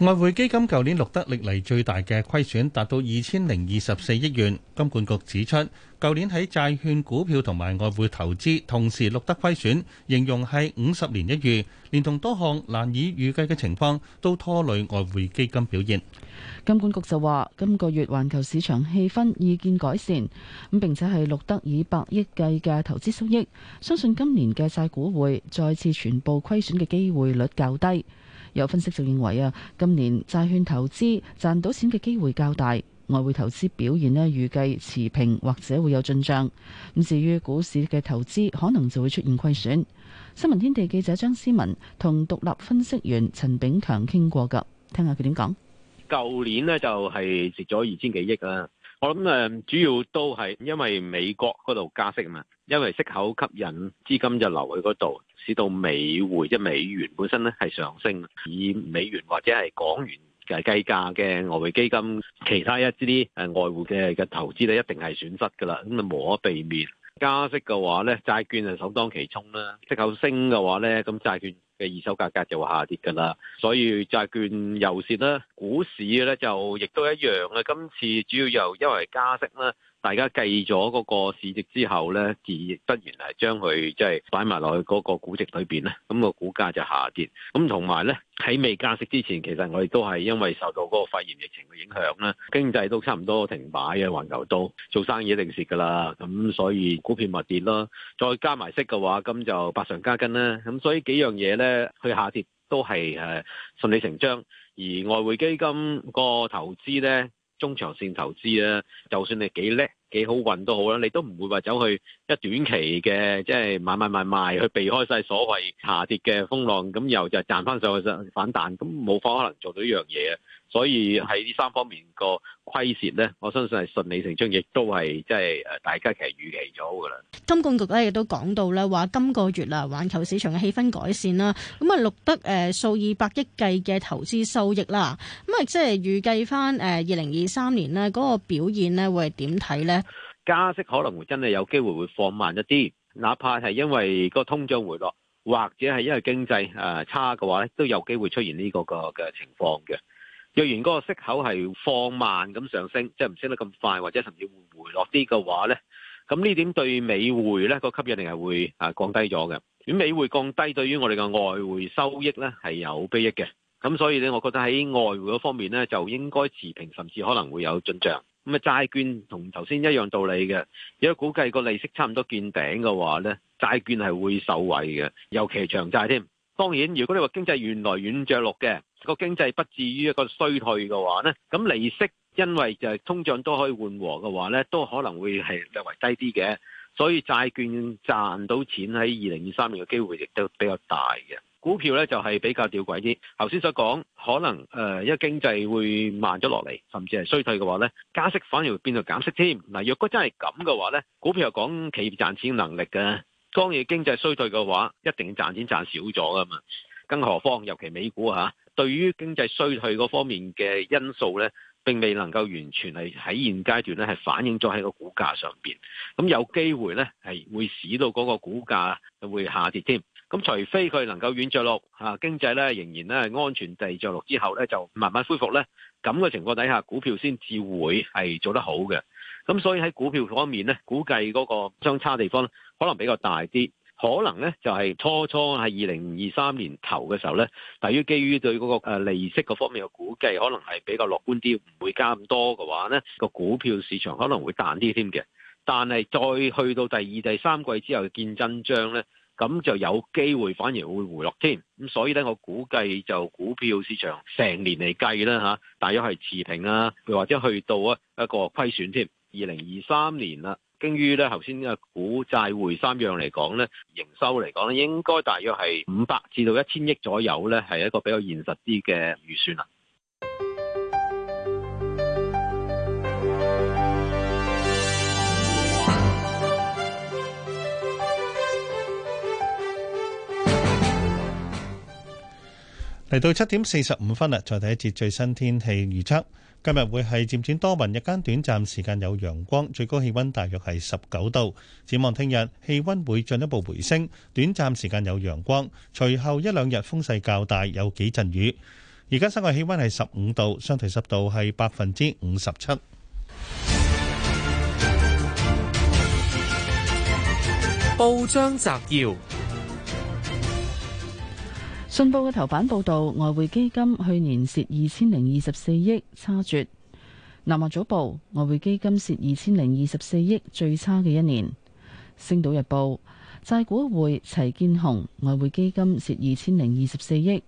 外匯基金舊年錄得歷嚟最大嘅虧損，達到二千零二十四億元。金管局指出，舊年喺債券、股票同埋外匯投資同時錄得虧損，形容係五十年一遇，連同多項難以預計嘅情況都拖累外匯基金表現。
金管局就話，今個月環球市場氣氛意見改善，咁並且係錄得以百億計嘅投資收益，相信今年嘅債股匯再次全部虧損嘅機會率較低。有分析就認為啊，今年債券投資賺到錢嘅機會較大，外匯投資表現呢預計持平或者會有進賬。咁至於股市嘅投資，可能就會出現虧損。新聞天地記者張思文同獨立分析員陳炳強傾過噶，聽下佢點講。
舊年呢就係蝕咗二千幾億啦，我諗誒、呃、主要都係因為美國嗰度加息啊嘛。因為息口吸引資金就流去嗰度，使到美匯即美元本身咧係上升，以美元或者係港元嘅計價嘅外匯基金，其他一啲誒外匯嘅嘅投資咧一定係損失㗎啦，咁啊無可避免。加息嘅話咧，債券係首當其衝啦，息口升嘅話咧，咁債券嘅二手價格就會下跌㗎啦，所以債券又蝕啦，股市咧就亦都一樣啦。今次主要又因為加息啦。大家計咗嗰個市值之後咧，自不然係將佢即係擺埋落去嗰個股值裏邊咧，咁個股價就下跌。咁同埋咧，喺未加息之前，其實我哋都係因為受到嗰個肺炎疫情嘅影響咧，經濟都差唔多停擺嘅，環球都做生意一定蝕㗎啦。咁所以股票咪跌咯。再加埋息嘅話，咁就百上加斤啦。咁所以幾樣嘢咧，去下跌都係誒順理成章。而外匯基金個投資咧。中長線投資啊，就算你幾叻，幾好運都好啦，你都唔會話走去一短期嘅，即係買買買買去避開晒所謂下跌嘅風浪，咁又就賺翻上去反彈，咁冇法可能做到呢樣嘢啊！所以喺呢三方面個虧蝕咧，我相信係順理成章，亦都係即係誒，大家其實預期咗噶啦。
金管局咧亦都講到咧，話今個月啦，環球市場嘅氣氛改善啦，咁啊錄得誒數以百億計嘅投資收益啦，咁啊即係預計翻誒二零二三年呢嗰個表現咧會係點睇咧？
加息可能會真係有機會會放慢一啲，哪怕係因為個通脹回落，或者係因為經濟誒、啊、差嘅話咧，都有機會出現呢個個嘅情況嘅。若然嗰個息口係放慢咁上升，即係唔升得咁快，或者甚至會回落啲嘅話咧，咁呢點對美匯咧、個吸引力係會啊降低咗嘅。咁美匯降低對於我哋嘅外匯收益咧係有裨益嘅。咁所以咧，我覺得喺外匯嗰方面咧就應該持平，甚至可能會有進賬。咁啊，債券同頭先一樣道理嘅，如果估計個利息差唔多見頂嘅話呢，債券係會受惠嘅，尤其長債添。當然，如果你話經濟越來越着陸嘅，個經濟不至於一個衰退嘅話呢，咁利息因為就係通脹都可以緩和嘅話呢，都可能會係略為低啲嘅，所以債券賺到錢喺二零二三年嘅機會亦都比較大嘅。股票咧就係、是、比較吊詭啲。頭先所講，可能誒、呃，因為經濟會慢咗落嚟，甚至係衰退嘅話咧，加息反而變做減息添。嗱，若果真係咁嘅話咧，股票又講企業賺錢能力嘅，當嘢經濟衰退嘅話，一定賺錢賺少咗噶嘛。更何況，尤其美股嚇，對於經濟衰退嗰方面嘅因素咧，並未能夠完全係喺現階段咧係反映咗喺個股價上邊。咁有機會咧係會使到嗰個股價會下跌添。咁除非佢能夠軟着陸，嚇、啊、經濟咧仍然咧安全地着陸之後咧就慢慢恢復咧，咁嘅情況底下，股票先至會係做得好嘅。咁所以喺股票方面咧，估計嗰個相差地方咧，可能比較大啲。可能咧就係、是、初初喺二零二三年頭嘅時候咧，大於基於對嗰個誒利息嗰方面嘅估計，可能係比較樂觀啲，唔會加咁多嘅話咧，個股票市場可能會彈啲添嘅。但係再去到第二、第三季之後見真章咧。咁就有機會反而會回落添，咁所以咧，我估計就股票市場成年嚟計咧嚇，大約係持平啊，或者去到啊一個虧損添。二零二三年啦，經於咧頭先嘅股債匯三樣嚟講咧，營收嚟講咧，應該大約係五百至到一千億左右咧，係一個比較現實啲嘅預算啦、啊。
嚟到七點四十五分啦，再睇一節最新天氣預測。今日會係漸轉多雲，日間短暫時間有陽光，最高氣溫大約係十九度。展望聽日，氣溫會進一步回升，短暫時間有陽光，隨後一兩日風勢較大，有幾陣雨。而家室外氣溫係十五度，相對濕度係百分之五十七。報章摘要。
《信報》嘅頭版報道，外匯基金去年蝕二千零二十四億，差絕。《南華早報》外匯基金蝕二千零二十四億，最差嘅一年。《星島日報》債股匯齊見紅，外匯基金蝕二千零二十四億。《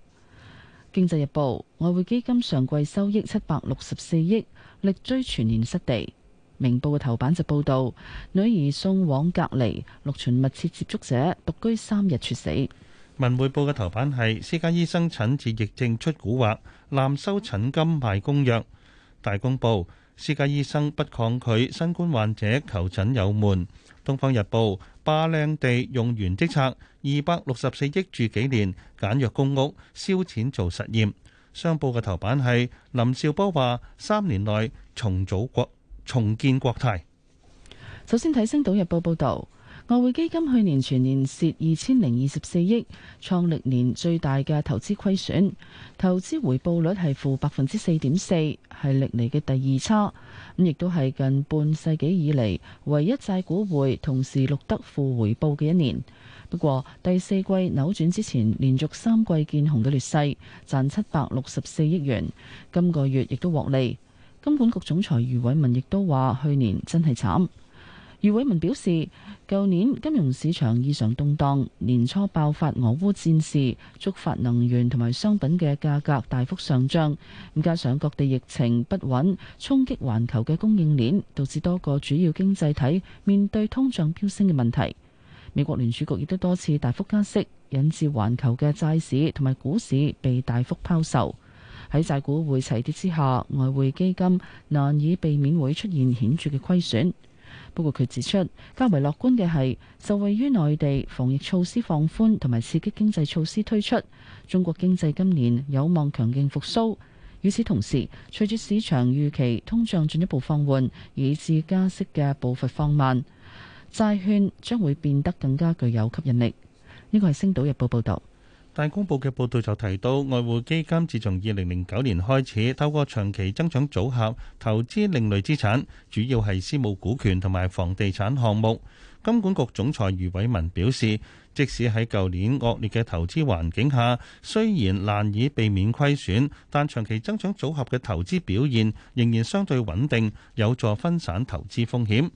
經濟日報》外匯基金上季收益七百六十四億，力追全年失地。《明報》嘅頭版就報道，女兒送往隔離，六旬密切接觸者獨
居三日猝死。文匯報嘅頭版係私家醫生診治疫症出蠱惑，濫收診金賣公藥。大公報：私家醫生不抗拒新冠患者求診有門。東方日報：霸靚地用完即拆，二百六十四億住幾年？簡約公屋燒錢做實驗。商報嘅頭版係林紹波話三年內重組國重建國泰。
首先睇《星島日報》報道。外匯基金去年全年蝕二千零二十四億，創歷年最大嘅投資虧損，投資回報率係負百分之四點四，係歷嚟嘅第二差，咁亦都係近半世紀以嚟唯一債股匯同時錄得負回報嘅一年。不過第四季扭轉之前，連續三季見紅嘅劣勢，賺七百六十四億元，今個月亦都獲利。金管局總裁余偉文亦都話：去年真係慘。余偉文表示，舊年金融市場異常動盪，年初爆發俄烏戰事，觸發能源同埋商品嘅價格大幅上漲。咁加上各地疫情不穩，衝擊環球嘅供應鏈，導致多個主要經濟體面對通脹飆升嘅問題。美國聯儲局亦都多次大幅加息，引致環球嘅債市同埋股市被大幅拋售。喺債股匯齊跌之下，外匯基金難以避免會出現顯著嘅虧損。不過，佢指出較為樂觀嘅係受惠於內地防疫措施放寬同埋刺激經濟措施推出，中國經濟今年有望強勁復甦。與此同時，隨住市場預期通脹進一步放緩，以至加息嘅步伐放慢，債券將會變得更加具有吸引力。呢個係《星島日報》報道。
大公報嘅報道就提到，外匯基金自從二零零九年開始透過長期增長組合投資另類資產，主要係私募股權同埋房地產項目。金管局總裁余偉文表示，即使喺舊年惡劣嘅投資環境下，雖然難以避免虧損，但長期增長組合嘅投資表現仍然相對穩定，有助分散投資風險。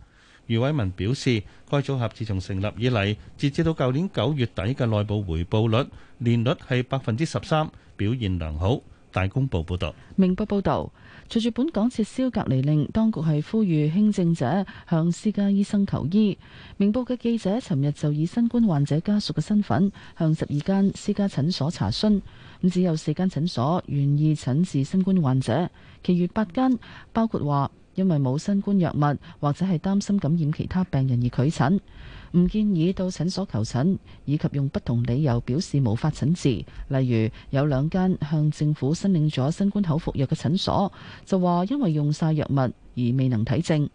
余偉文表示，該組合自從成立以嚟，截至到舊年九月底嘅內部回報率年率係百分之十三，表現良好。大公報報道，
明報報道，隨住本港撤銷隔離令，當局係呼籲輕症者向私家醫生求醫。明報嘅記者尋日就以新冠患者家屬嘅身份，向十二間私家診所查詢，咁只有四間診所願意診治新冠患者，其餘八間包括話。因為冇新冠藥物，或者係擔心感染其他病人而拒診，唔建議到診所求診，以及用不同理由表示無法診治。例如有兩間向政府申領咗新冠口服藥嘅診所，就話因為用晒藥物而未能睇症。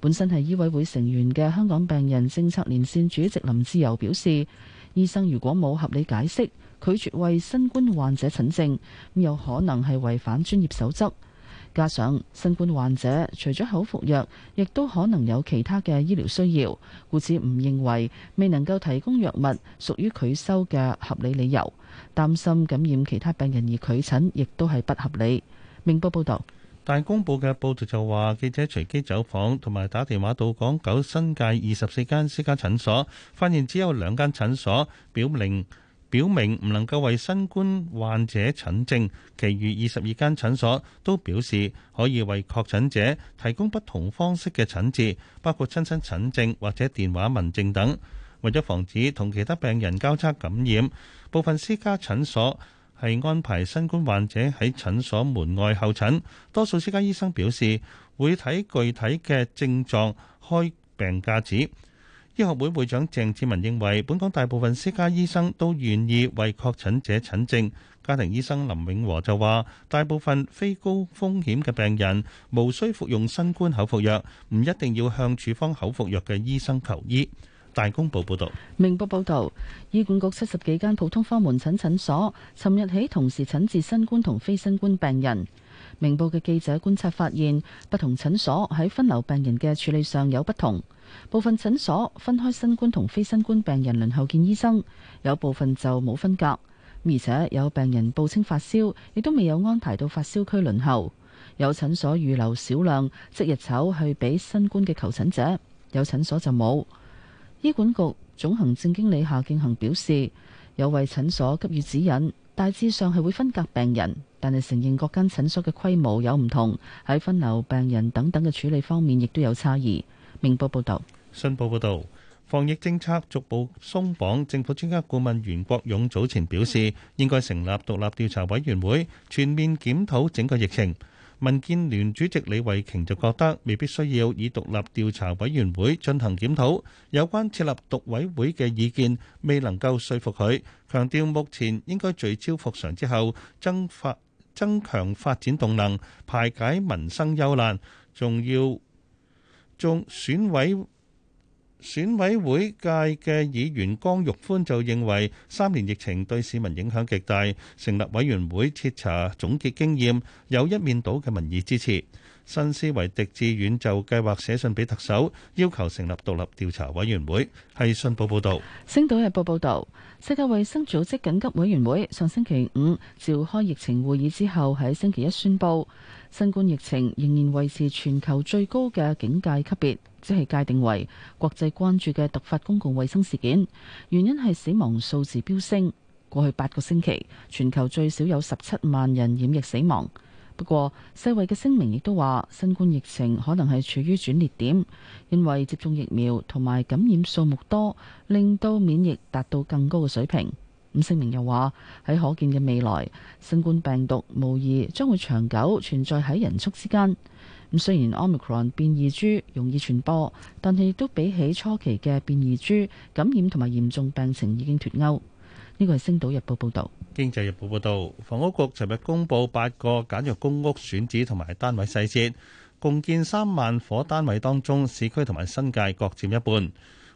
本身係醫委會成員嘅香港病人政策連線主席林志釉表示，醫生如果冇合理解釋拒絕為新冠患者診症，咁有可能係違反專業守則。加上新冠患者除咗口服藥亦都可能有其他嘅醫療需要。故此唔認為未能夠提供藥物屬於拒收嘅合理理由，擔心感染其他病人而拒診亦都係不合理。明報報道，
大公報嘅報道就話記者隨機走訪同埋打電話到港九新界二十四間私家診所，發現只有兩間診所表明。表明唔能夠為新冠患者診症，其餘二十二間診所都表示可以為確診者提供不同方式嘅診治，包括親身診症或者電話問症等。為咗防止同其他病人交叉感染，部分私家診所係安排新冠患者喺診所門外候診。多數私家醫生表示會睇具體嘅症狀開病假紙。醫學會會長鄭志文認為，本港大部分私家醫生都願意為確診者診症。家庭醫生林永和就話，大部分非高風險嘅病人無需服用新冠口服藥，唔一定要向處方口服藥嘅醫生求醫。大公報報道，
明報報道，醫管局七十幾間普通科門診診所尋日起同時診治新冠同非新冠病人。明報嘅記者觀察發現，不同診所喺分流病人嘅處理上有不同。部分診所分開新冠同非新冠病人輪候見醫生，有部分就冇分隔。而且有病人報稱發燒，亦都未有安排到發燒區輪候。有診所預留少量即日籌去俾新冠嘅求診者，有診所就冇。醫管局總行政經理夏敬恒表示，有為診所給予指引。大致上係會分隔病人，但係承認各間診所嘅規模有唔同，喺分流病人等等嘅處理方面亦都有差
異。明報報道。信報報道，防疫政策逐步鬆綁，政府專家顧問袁國勇早前表示，應該成立獨立調查委員會，全面檢討整個疫情。民建聯主席李慧瓊就覺得未必需要以獨立調查委員會進行檢討，有關設立獨委會嘅意見未能夠說服佢，強調目前應該聚焦復常之後增發增強發展動能，排解民生憂難，仲要仲選委。選委會界嘅議員江玉歡就認為，三年疫情對市民影響極大，成立委員會徹查總結經驗，有一面倒嘅民意支持。新思維狄志遠就計劃寫信俾特首，要求成立獨立調查委員會。係信報報道，
星島日報報道，世界衛生組織緊急委員會上星期五召開疫情會議之後，喺星期一宣布。新冠疫情仍然維持全球最高嘅警戒級別，即係界定為國際關注嘅突發公共衛生事件。原因係死亡數字飆升。過去八個星期，全球最少有十七萬人染疫死亡。不過世衛嘅聲明亦都話，新冠疫情可能係處於轉捩點，因為接種疫苗同埋感染數目多，令到免疫達到更高嘅水平。咁聲明又話喺可見嘅未來，新冠病毒無疑將會長久存在喺人畜之間。咁雖然 Omicron 變異株容易傳播，但係亦都比起初期嘅變異株，感染同埋嚴重病情已經脫鈎。呢個係《星島日報》報導，
《經濟日報》報導，房屋局尋日公布八個簡約公屋選址同埋單位細節，共建三萬伙單位當中，市區同埋新界各佔一半。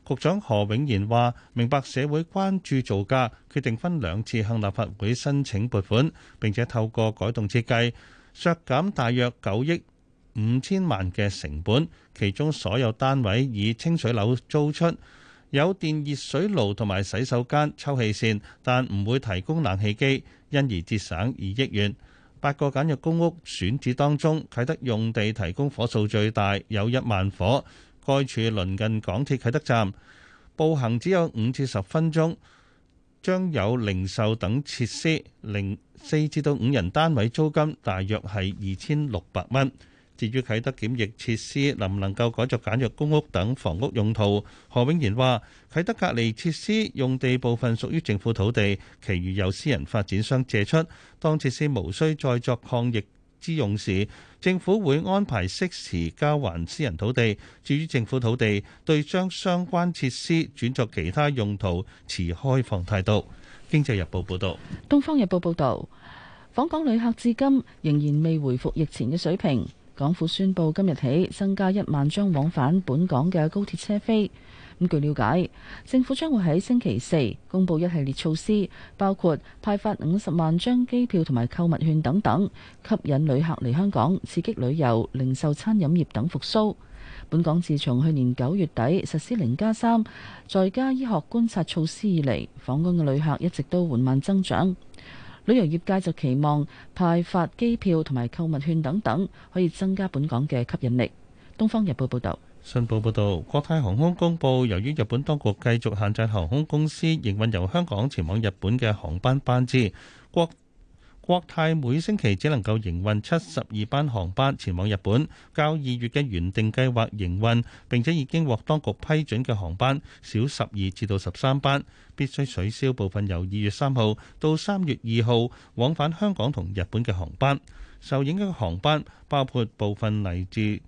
局長何永賢話：明白社會關注造價，決定分兩次向立法會申請撥款，並且透過改動設計削減大約九億五千萬嘅成本。其中所有單位以清水樓租出，有電熱水爐同埋洗手間抽氣扇，但唔會提供冷氣機，因而節省二億元。八個簡約公屋選址當中，啟德用地提供火數最大，有一萬火。該處鄰近港鐵啟德站，步行只有五至十分鐘，將有零售等設施。零四至到五人單位租金大約係二千六百蚊。至於啟德檢疫設施能唔能夠改作簡約公屋等房屋用途？何永賢話：啟德隔離設施用地部分屬於政府土地，其餘由私人發展商借出，當設施無需再作抗疫之用時，政府會安排適時交還私人土地。至於政府土地，對將相關設施轉作其他用途持開放態度。經濟日報報道。
東方日報報道，訪港旅客至今仍然未回復疫前嘅水平。港府宣布今日起增加一萬張往返本港嘅高鐵車飛。咁據了解，政府將會喺星期四公布一系列措施，包括派發五十萬張機票同埋購物券等等，吸引旅客嚟香港，刺激旅遊、零售、餐飲業等復甦。本港自從去年九月底實施零加三、再加醫學觀察措施以嚟，訪港嘅旅客一直都緩慢增長。旅遊業界就期望派發機票同埋購物券等等，可以增加本港嘅吸引力。《東方日報》報導。
信報報導，國泰航空公布，由於日本當局繼續限制航空公司營運由香港前往日本嘅航班班次，國國泰每星期只能夠營運七十二班航班前往日本，較二月嘅原定計劃營運，並且已經獲當局批准嘅航班少十二至到十三班，必須取消部分由二月三號到三月二號往返香港同日本嘅航班。受影響嘅航班包括部分嚟自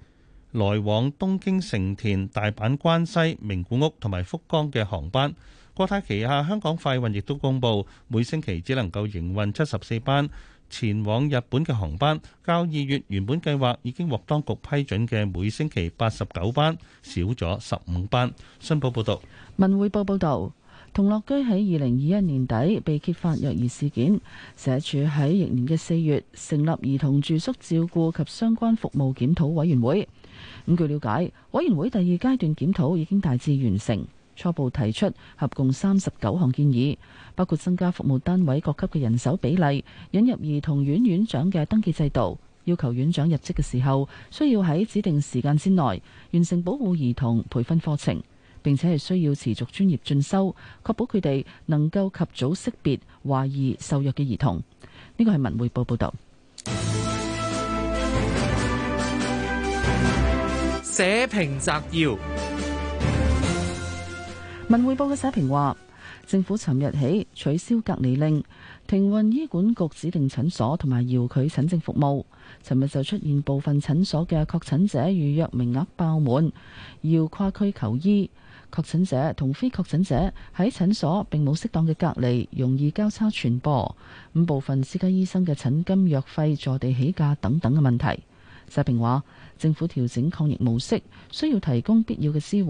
來往東京、成田、大阪、關西、名古屋同埋福岡嘅航班，國泰旗下香港快運亦都公布，每星期只能夠營運七十四班前往日本嘅航班。較二月原本計劃已經獲當局批准嘅每星期八十九班，少咗十五班。新報報導，
文匯報報導，同樂居喺二零二一年底被揭發虐兒事件，社署喺翌年嘅四月成立兒童住宿照顧及相關服務檢討委員會。咁據瞭解，委員會第二階段檢討已經大致完成，初步提出合共三十九項建議，包括增加服務單位各級嘅人手比例，引入兒童院院長嘅登記制度，要求院長入職嘅時候需要喺指定時間之內完成保護兒童培訓課程，並且係需要持續專業進修，確保佢哋能夠及早識別懷疑受虐嘅兒童。呢個係文匯報報導。社評摘要：文匯報嘅社評話，政府尋日起取消隔離令，停運醫管局指定診所同埋遙距診症服務。尋日就出現部分診所嘅確診者預約名額爆滿，要跨區求醫。確診者同非確診者喺診所並冇適當嘅隔離，容易交叉傳播。咁部分私家醫生嘅診金、藥費、坐地起價等等嘅問題，社評話。政府調整抗疫模式，需要提供必要嘅支援，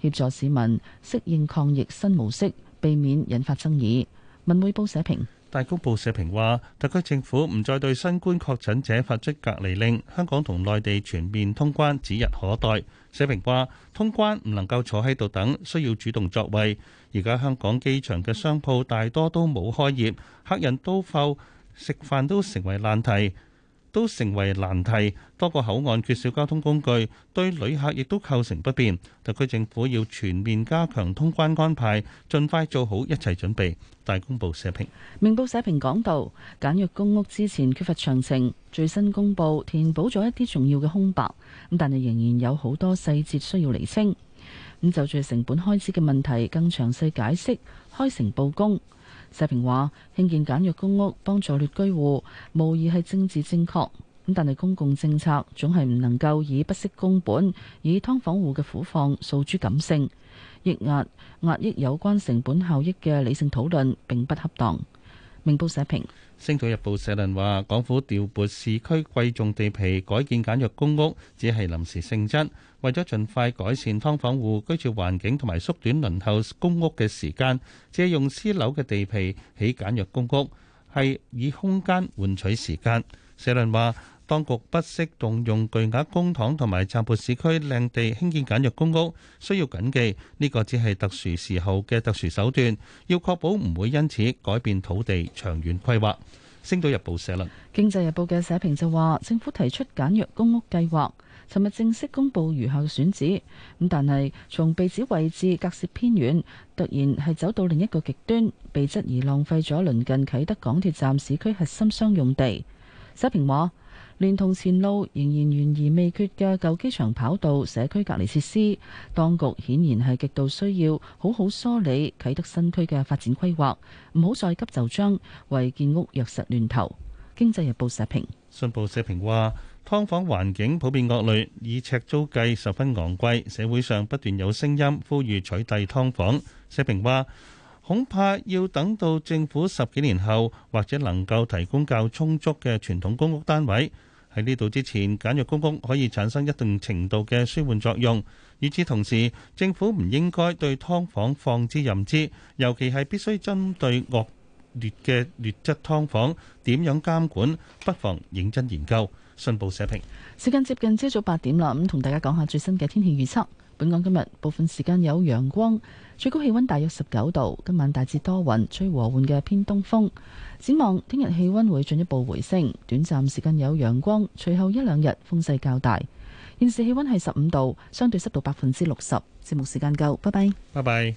協助市民適應抗疫新模式，避免引發爭議。文匯報社評，
大公報社評話，特區政府唔再對新冠確診者發出隔離令，香港同內地全面通關指日可待。社評話，通關唔能夠坐喺度等，需要主動作為。而家香港機場嘅商鋪大多都冇開業，客人到埗，食飯都成為難題。都成為難題，多個口岸缺少交通工具，對旅客亦都構成不便。特區政府要全面加強通關安排，盡快做好一切準備。大公報社評，
明報社評講到：簡約公屋之前缺乏詳情，最新公佈填補咗一啲重要嘅空白，咁但係仍然有好多細節需要釐清。咁就住成本開支嘅問題，更詳細解釋，開誠佈公。社評話興建簡約公屋幫助劣居戶，無疑係政治正確。咁但係公共政策總係唔能夠以不惜工本，以劏房戶嘅苦況訴諸感性，抑壓壓抑有關成本效益嘅理性討論，並不恰當。明報社評，
《星島日報》社論話，港府調撥市區貴重地皮改建簡約公屋，只係臨時性質。為咗盡快改善劏房戶居住環境同埋縮短輪候公屋嘅時間，借用私樓嘅地皮起簡約公屋，係以空間換取時間。社論話，當局不惜動用巨額公帑同埋暫撥市區靚地興建簡約公屋，需要謹記呢個只係特殊時候嘅特殊手段，要確保唔會因此改變土地長遠規劃。星島日報社論，
經濟日報嘅社評就話，政府提出簡約公屋計劃。尋日正式公布餘下選址，咁但係從被址位置隔涉偏遠，突然係走到另一個極端，被質疑浪費咗鄰近啟德港鐵站市區核心商用地。社評話，連同前路仍然懸而未決嘅舊機場跑道社區隔離設施，當局顯然係極度需要好好梳理啟德新區嘅發展規劃，唔好再急就章，為建屋弱實亂投。經濟日報社評。
信報社評話。劏房環境普遍惡劣，以尺租計十分昂貴。社會上不斷有聲音呼籲取締劏房。社評話，恐怕要等到政府十幾年後，或者能夠提供較充足嘅傳統公屋單位。喺呢度之前，簡約公屋可以產生一定程度嘅舒緩作用。與此同時，政府唔應該對劏房放之任之，尤其係必須針對惡劣嘅劣質劏房，點樣監管，不妨認真研究。新報社評，
時間接近朝早八點啦，咁同大家講下最新嘅天氣預測。本港今日部分時間有陽光，最高氣温大約十九度。今晚大致多雲，吹和緩嘅偏東風。展望聽日氣温會進一步回升，短暫時間有陽光，隨後一兩日風勢較大。現時氣温係十五度，相對濕度
百分之六十。節目時間夠，拜拜。
拜拜。